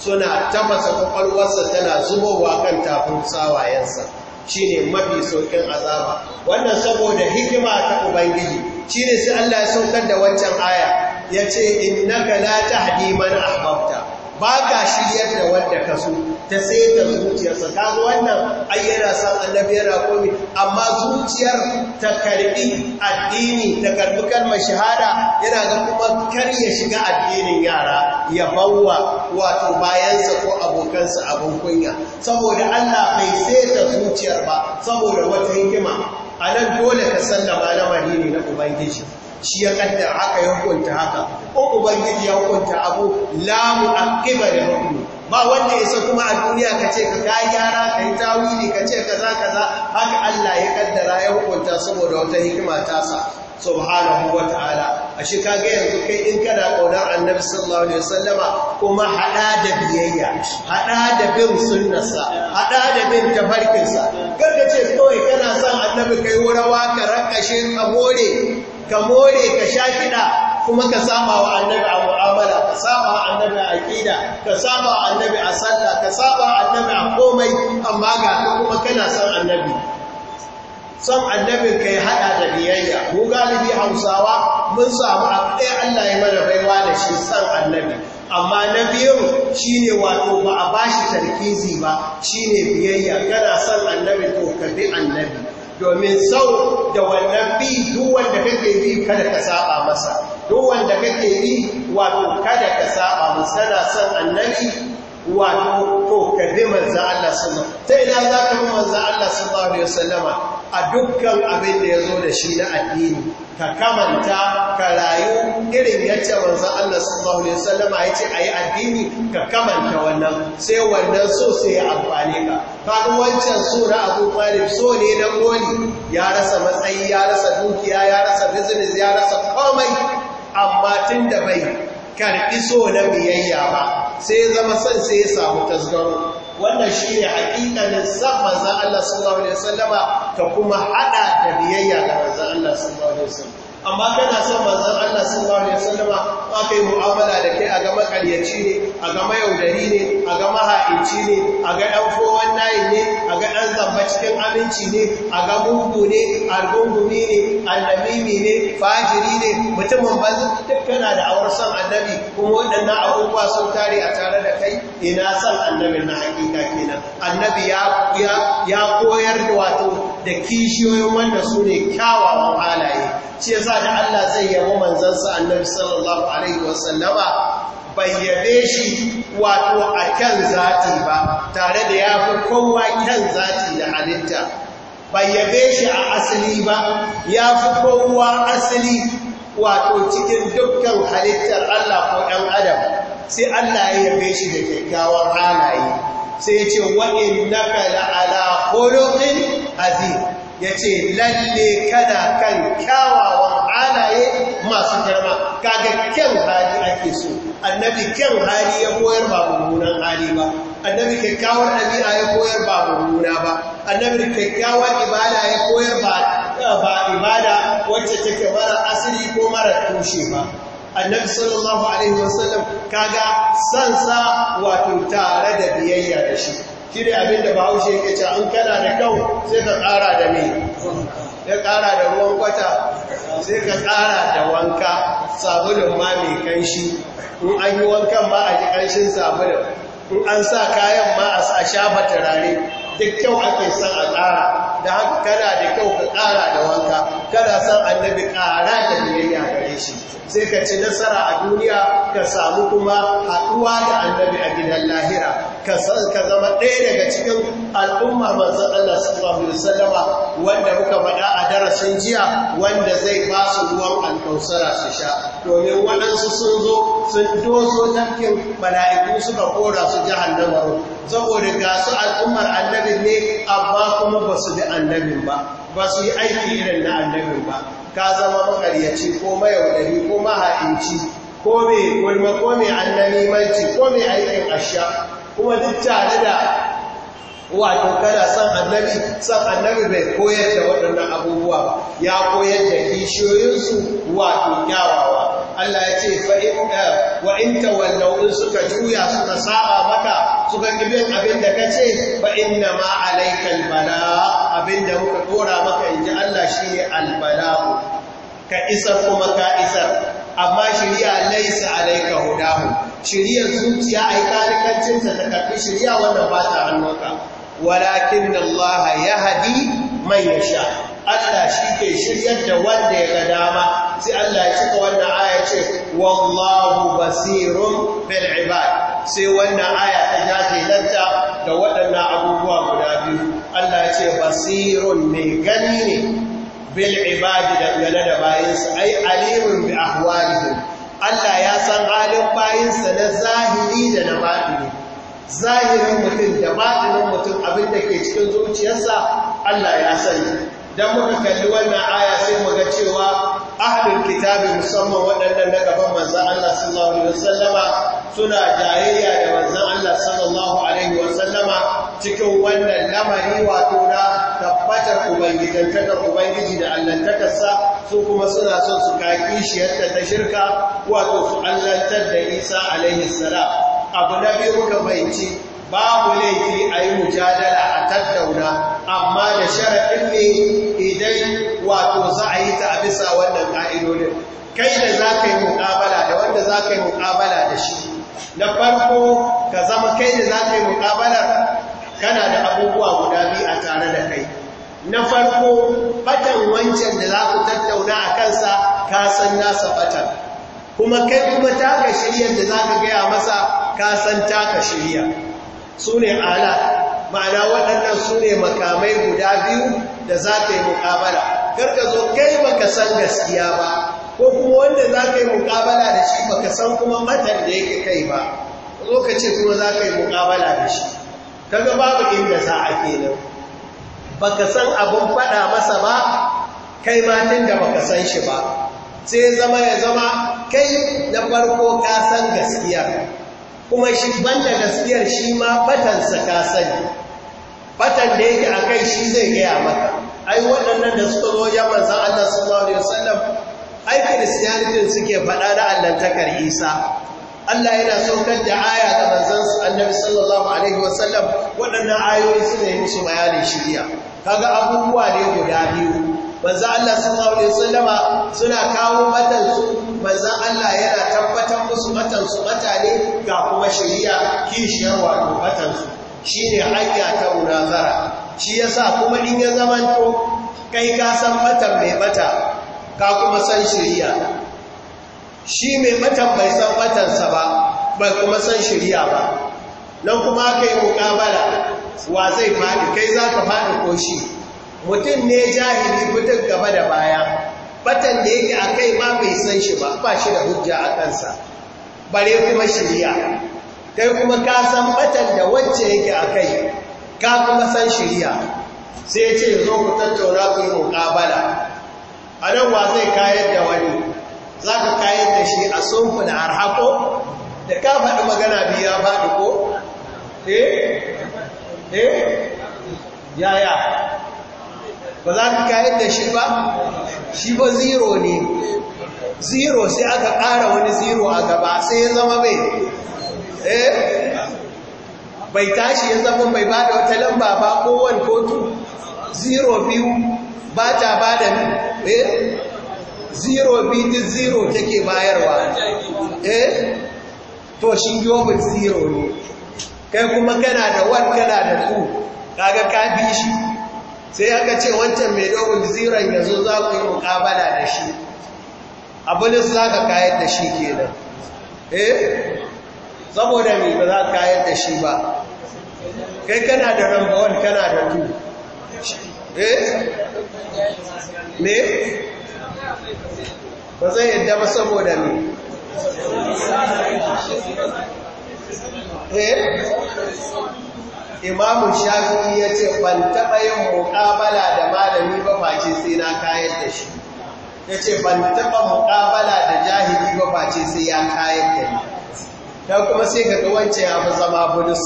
Speaker 1: suna tafasa kwakwalwarsa tana zubowa kan tafin sawayensa shi ne mafi sauƙin azaba wannan saboda hikima ta ubangiji Shi ne sai Allah ya saukar da wancan aya Ya yace innaka la tahdi man ahbabta baka shiryar da wanda ka so ta sai ta zuciyarsa kaga wannan ai yana san annabi yana komi amma zuciyar ta karbi addini ta karbi kalmar shahada yana ga kuma kar ya shiga addinin yara ya bawa wato bayansa ko abokansa abin kunya saboda Allah bai sai ta zuciyar ba saboda wata hikima a nan dole ka sallama lamari ne na ubangiji shi ya kaddara haka ya hukunta haka ko ubangiji ya hukunta abu lamu aqiba da hukmu ba wanda ya sa kuma a duniya ka ce ka kayi yara ka yi tawili ka ce kaza kaza haka Allah ya kaddara ya hukunta saboda wata hikima ta sa subhanahu wa ta'ala ashe kage yanzu kai in kana ƙaunar annabi sallallahu alaihi wasallama kuma hada da biyayya hada da bin sunnarsa hada da bin tafarkinsa karka ce kawai kana son annabi kai wurawa ka rakashe ka more ka more ka sha kiɗa kuma ka saba wa annabi a mu'amala ka saba wa annabi a aqida ka saba wa annabi a sallah ka saba wa annabi a komai amma ga kuma kana son annabi son annabin kai hada da biyayya mu galibi hausawa mun samu a kai Allah ya mana baiwa da shi son annabi amma na biyun shine wato ba a bashi tarkizi ba shine biyayya kana son annabi to ka bi annabi domin sau da wannan bi duk wanda kake bi kada ka saba masa duk wanda kake bi wato kada ka saba masa da son annabi wato to ka bi manzo Allah sallallahu alaihi wasallam sai idan zaka bi manzo Allah sallallahu alaihi wasallama a dukkan abin da ya zo da shi na addini ka kamanta ka rayu irin yadda manzon Allah sallallahu alaihi ya ce ayi addini ka kamanta wannan sai wannan so sai ya amfane ka kan wancan so na Abu Talib so ne na goli ya rasa matsayi ya rasa dukiya ya rasa business ya rasa komai amma tunda bai karbi so na biyayya ba sai zama san sai ya samu tasgaro wannan shi ne haƙiƙanin zaba manzan Allah sallallahu Alaihi wasallama ta kuma
Speaker 2: haɗa da biyayya ga manzan Allah sallallahu Alaihi wasallama amma kana son manzon Allah sallallahu alaihi wasallam aka kai mu'amala da kai a ga makaryaci ne a ga mayaudari ne a ga mahaici ne a ga ɗan fowan nayi ne a ga ɗan zamba cikin aminci ne
Speaker 1: a ga mugu ne algungumi ne annabi ne fajiri ne mutumin banzu duk kana da awar son annabi kuma waɗannan abubuwa sun tare a tare da kai ina son annabin na hakika kenan annabi ya koyar da wato da kishiyoyin wanda su ne kyawawan halaye ce za da Allah zai yabo manzansa annabi sallallahu alaihi wasallama bai yabe shi wato a kan zati ba tare da ya fi kowa kan zati da halitta bai shi a asali ba ya fi kowa asali wato cikin dukkan halittar Allah ko ɗan adam sai Allah ya yabe shi da kyakkyawan halaye sai ya ce wa'in na la'ala khuluqin azim ya ce lalle kada kan kyawawan halaye masu girma kaga kyan hali ake so annabi kyan hali ya koyar ba mummunan hali ba annabi kyakkyawar ɗabi'a ya koyar ba mummuna ba annabi kyakkyawar ibada ya koyar ba eh, ibada wacce take mara asiri ko mara tushe ba annabi sallallahu alaihi wasallam kaga sansa wato tare da biyayya da shi Kira abinda abin da bahaushe ke in an kana da kyau sai ka ƙara da mai ya kara da ruwan kwata sai ka kara da wanka sabulun ma mai kanshi in an yi wankan ma a ji kanshin sabulun in an sa kayan ma a shafa turare duk kyau ake son a ƙara da haka kana da kyau ka ƙara da wanka kana san annabi ƙara da biyayya gare shi sai ka ci nasara a duniya ka samu kuma haɗuwa da annabi a gidan lahira ka zama ɗaya daga cikin al'ummar manzan Allah sallallahu alaihi wasallama wanda muka faɗa a darasin jiya wanda zai ba su ruwan alkausara su sha domin waɗansu sun zo sun dozo tafkin mala'iku suka kora su jahannamaru saboda ga su al'ummar annabi ne amma kuma ba su da annabin ba ba su yi aiki irin na annabin ba ka zama makaryaci ko mayaudari ko maha'inci ko mai gulma ko mai annabimanci ko mai aikin ashiya kuma duk tare da wato kada san annabi san annabi bai koyar da waɗannan abubuwa ba ya koyar da kishiyoyinsu wato kyawawa Allah ya ce eh, wa in tawallaw suka juya suka saba maka suka kibin abin da kace fa inna ma alaikal albala abin da muka kora maka inji Allah shine albala'u ka isar kuma ka isar amma shari'a laisa alaika hudahu shari'ar zuciya ai kalikancinta ta karbi shari'a wannan ba ta hannunka walakin Allah ya haɗi mai ya sha Allah shi ke shiryar da wanda ya ga dama sai Allah ya cika wannan aya ce wallahu basirun bil ibad sai wannan aya ta jaje lanta da waɗannan abubuwa guda biyu Allah ya ce basirun mai gani ne bil da gane da bayinsa ai alimin bi ahwalihim Allah ya san halin bayinsa na zahiri da na batini zahirin mutum da batinin mutum abin da ke cikin zuciyarsa Allah ya sani Don muka kalli wannan aya sai mu ga cewa ahlul kitabi musamman waɗannan na gaban manzon Allah sallallahu alaihi wasallama suna jayayya da manzon Allah sallallahu alaihi wasallama cikin wannan lamari wato na tabbatar ubangijantakar ubangiji da allantakarsa su kuma suna son su kaki shi yadda ta shirka wato su allantar da Isa alaihi salam abu na biyu ga bai ci babu laifi a yi mujadala a tattauna amma da sharaɗin ne idan wato za a yi ta a bisa wannan ƙa'idodin kai da za ka yi muƙabala da wanda za ka yi muƙabala da shi na farko ka zama kai da za ka yi muƙabalar kana da abubuwa guda biyu a tare da kai na farko fatan wancan da za ku tattauna a kansa ka san nasa batan kuma kai kuma taka shiryar da za ka gaya masa ka san taka shirya su ne ala ma'ana waɗannan su ne makamai guda biyu da za ka yi mukabala karka zo kai baka san gaskiya ba ko kuma wanda za ka yi mukabala da shi baka san kuma matan da yake kai ba lokacin kuma za ka yi mukabala da shi kaga babu inda za a kenan baka san abin faɗa masa ba kai ma matan da baka san shi ba sai zama ya zama kai na farko ka san gaskiya kuma shi banda gaskiyar shi ma batansa ka sani batan da yake a kai shi zai gaya maka ai waɗannan da suka zo ya manza Allah sallallahu alaihi wasallam ai kristiyanin suke faɗa na allantakar Isa Allah yana saukar da aya ga manzan Annabi sallallahu alaihi wasallam waɗannan ayoyi suna yi musu bayanin shiriya kaga abubuwa ne guda biyu manzan Allah sallallahu alaihi wasallama suna kawo matansu manzan Allah yana tabbatar musu matansu matane ga kuma shari'a kishiyar wato matansu shine hanya ta munazara shi yasa kuma in ya to kai ka san matan mai mata ka kuma san shari'a shi mai matan bai san matansa ba bai kuma san shari'a ba nan kuma aka yi mukabala wa zai faɗi kai za ka faɗi ko shi mutum ne jahili mutum gaba da baya batan da yake a kai ba mai san shi ba ba shi da hujja a kansa bare kuma shirya kai kuma ka san batan da wacce yake a kai ka kuma san shirya sai ce zo ku tattauna ku yi muƙabala a nan wa zai kayar da wani za ka kayar da shi a sunfu arha arhako da ka faɗi magana biya ba ko eh eh yaya ba za ka kayar da shi ba shi ba zero ne zero sai aka ƙara wani zero a gaba sai ya zama bai eh bai tashi ya zama bai ba da wata lamba ba ko wani kotu zero biyu ba ta ba da eh zero biyu duk zero take bayarwa eh to shi yomin zero ne kai kuma kana da one kana da two kaga ka bi shi sai aka ce wancan mai dogon ziran yanzu za ku yi mukabala da shi abulis za ka kayar da shi kenan eh saboda mai ba za ka kayar da shi ba kai kana da rambawan kana da tu
Speaker 2: eh ne
Speaker 1: ba zai yadda ba saboda mai eh Imamun shafi'i ya ce ban taɓa yin muƙabala da malami ba face sai na kayar da shi ya ce ban taɓa muƙabala da jahili ba face sai ya kayar da ni ta kuma sai ka ga wancan ya fi zama bulus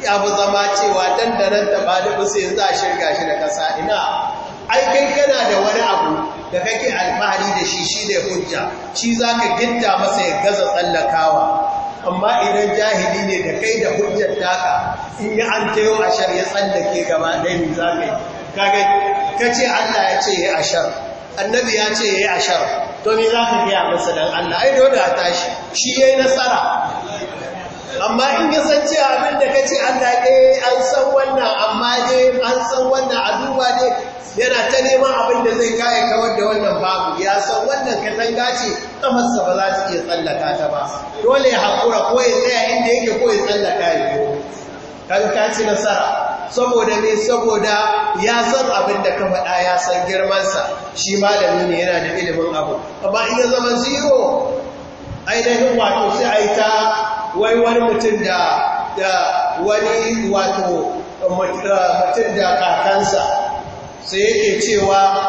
Speaker 1: ya fi zama cewa dan da nan ɗalibu sai za a shirga shi da ƙasa ina aikin kana da wani abu da kake alfahari da shi shi ne hujja shi za ka gidda masa ya gaza tsallakawa amma idan jahili ne da kai da hujjar taka in yi an tayo ashar ya tsallake gaba ɗaya ne za ka yi kaga ka ce allah ya ce ya ashar annabi ya ce ya ashar to ni za ka gaya masa dan allah ai dole a tashi shi ya yi nasara amma in ya san cewa abin da ce Allah eh an san wannan amma ne an san wannan a duba ne. yana ta neman abin da zai kaya kawar da wannan babu ya san wannan ka katanga ce kamarsa ba za ta iya tsallaka ta ba dole ya haƙura ko ya tsaya inda yake ko ya tsallaka ya biyo kan ka ci nasara saboda ne saboda ya san abin da ka faɗa ya san girmansa shi malami ne yana da ilimin abu amma in ya zama zero ainihin wato sai a yi ta wai wani mutum da wani wato uh, mutum da kakansa sai yake cewa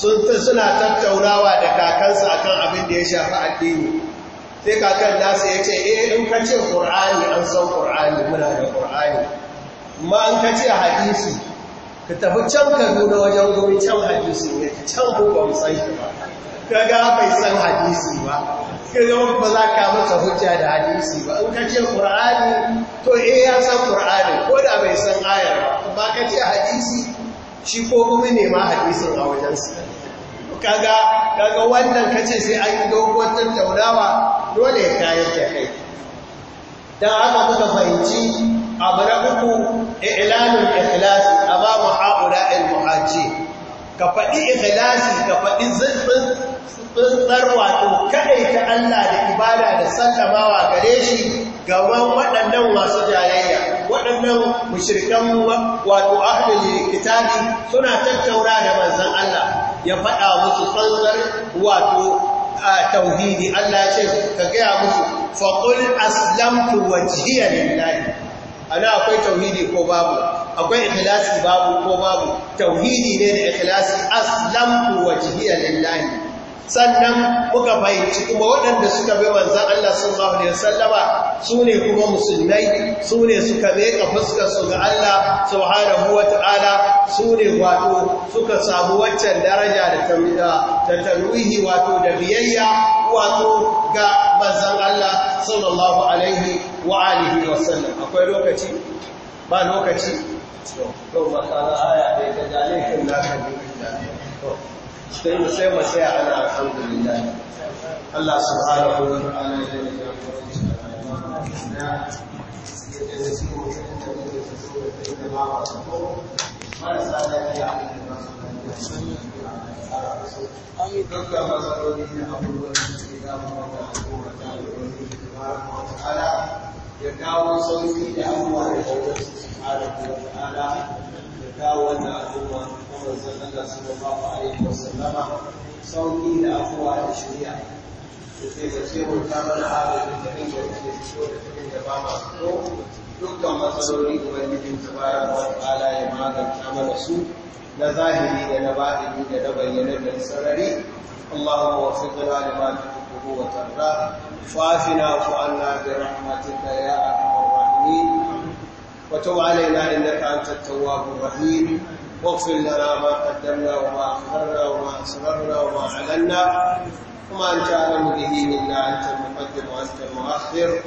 Speaker 1: sun suna tattaunawa da kakansa akan abin da ya shafi addini sai kakan nasa ya ce eh in ka ce ƙur'ani an san ƙur'ani muna da ƙur'ani Ma an ka ce hadisi ka tafi can ka kaduna wajen gumi can hadisi ne can ko ba Ka ga bai san hadisi ba ka zama ba za ka masa hujja da hadisi ba in ka ce ƙur'ani to eh ya san ƙur'ani ko da bai san ayar ba ka ce hadisi shi ko kuma ne ma hadisin a wajensa kaga kaga wannan kace sai an yi doguwar tattaunawa dole ya kayan ta kai dan haka kuka fahimci abu na uku i'lanul ikhlas aba muhaula al muhaji ka faɗi ikhlasi ka faɗi zulfin tsuntsar wato kaɗai ta Allah da ibada da sallamawa gare shi gaban waɗannan masu jayayya waɗannan mushrikan wato ahlul kitabi suna tattaura da manzon Allah ya faɗa musu tsanzar wato tauhidi Allah ce ka gaya musu faqul aslamtu wajhiya lillahi ana akwai tauhidi ko babu akwai ikhlasi babu ko babu tauhidi ne da ikhlasi aslamtu wajhiya lillahi sannan muka fahimci kuma waɗanda suka bai manzan Allah sallallahu alaihi sallaba su ne kuma musulmai su ne suka meka su ga Allah subhanahu wata'ala su ne wato suka samu waccan daraja da tarwihi wato da biyayya wato ga manzan Allah sallallahu alaihi wa alihi wasallam akwai lokaci ba lokaci to ba kana aya da ta jale kin da ka sai mu sai mu sai ana alhamdulillah Allah subhanahu
Speaker 2: wa ta'ala ya yi da ya kawo sauki da abubuwa da sauransu su da ta'ala ya kawo wannan abubuwa manzon Allah
Speaker 1: sallallahu alaihi wasallam sauki da afuwa da shari'a to sai
Speaker 2: ta mana halin da kake da kake so da kake da
Speaker 1: ba ma so dukkan matsaloli ubangijin wa ta'ala ya magance mana su na zahiri da na batini da na bayyana da sarari اللهم وفقنا لما تحبه وترضاه وعنا برحمتك يا ارحم الراحمين وتب علينا انك انت التواب الرحيم واغفر لنا ما قدمنا وما أخرنا وما أسررنا وما أعلنا وما أنت أعلم به منا أنت المقدم وأنت المؤخر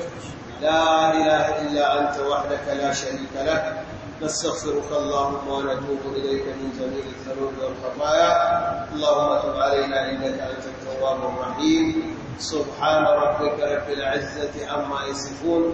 Speaker 1: لا إله إلا أنت وحدك لا شريك لك نستغفرك اللهم ونتوب إليك من جميع الذنوب والخطايا اللهم تب علينا إنك أنت التواب الرحيم سبحان ربك رب العزة عما يصفون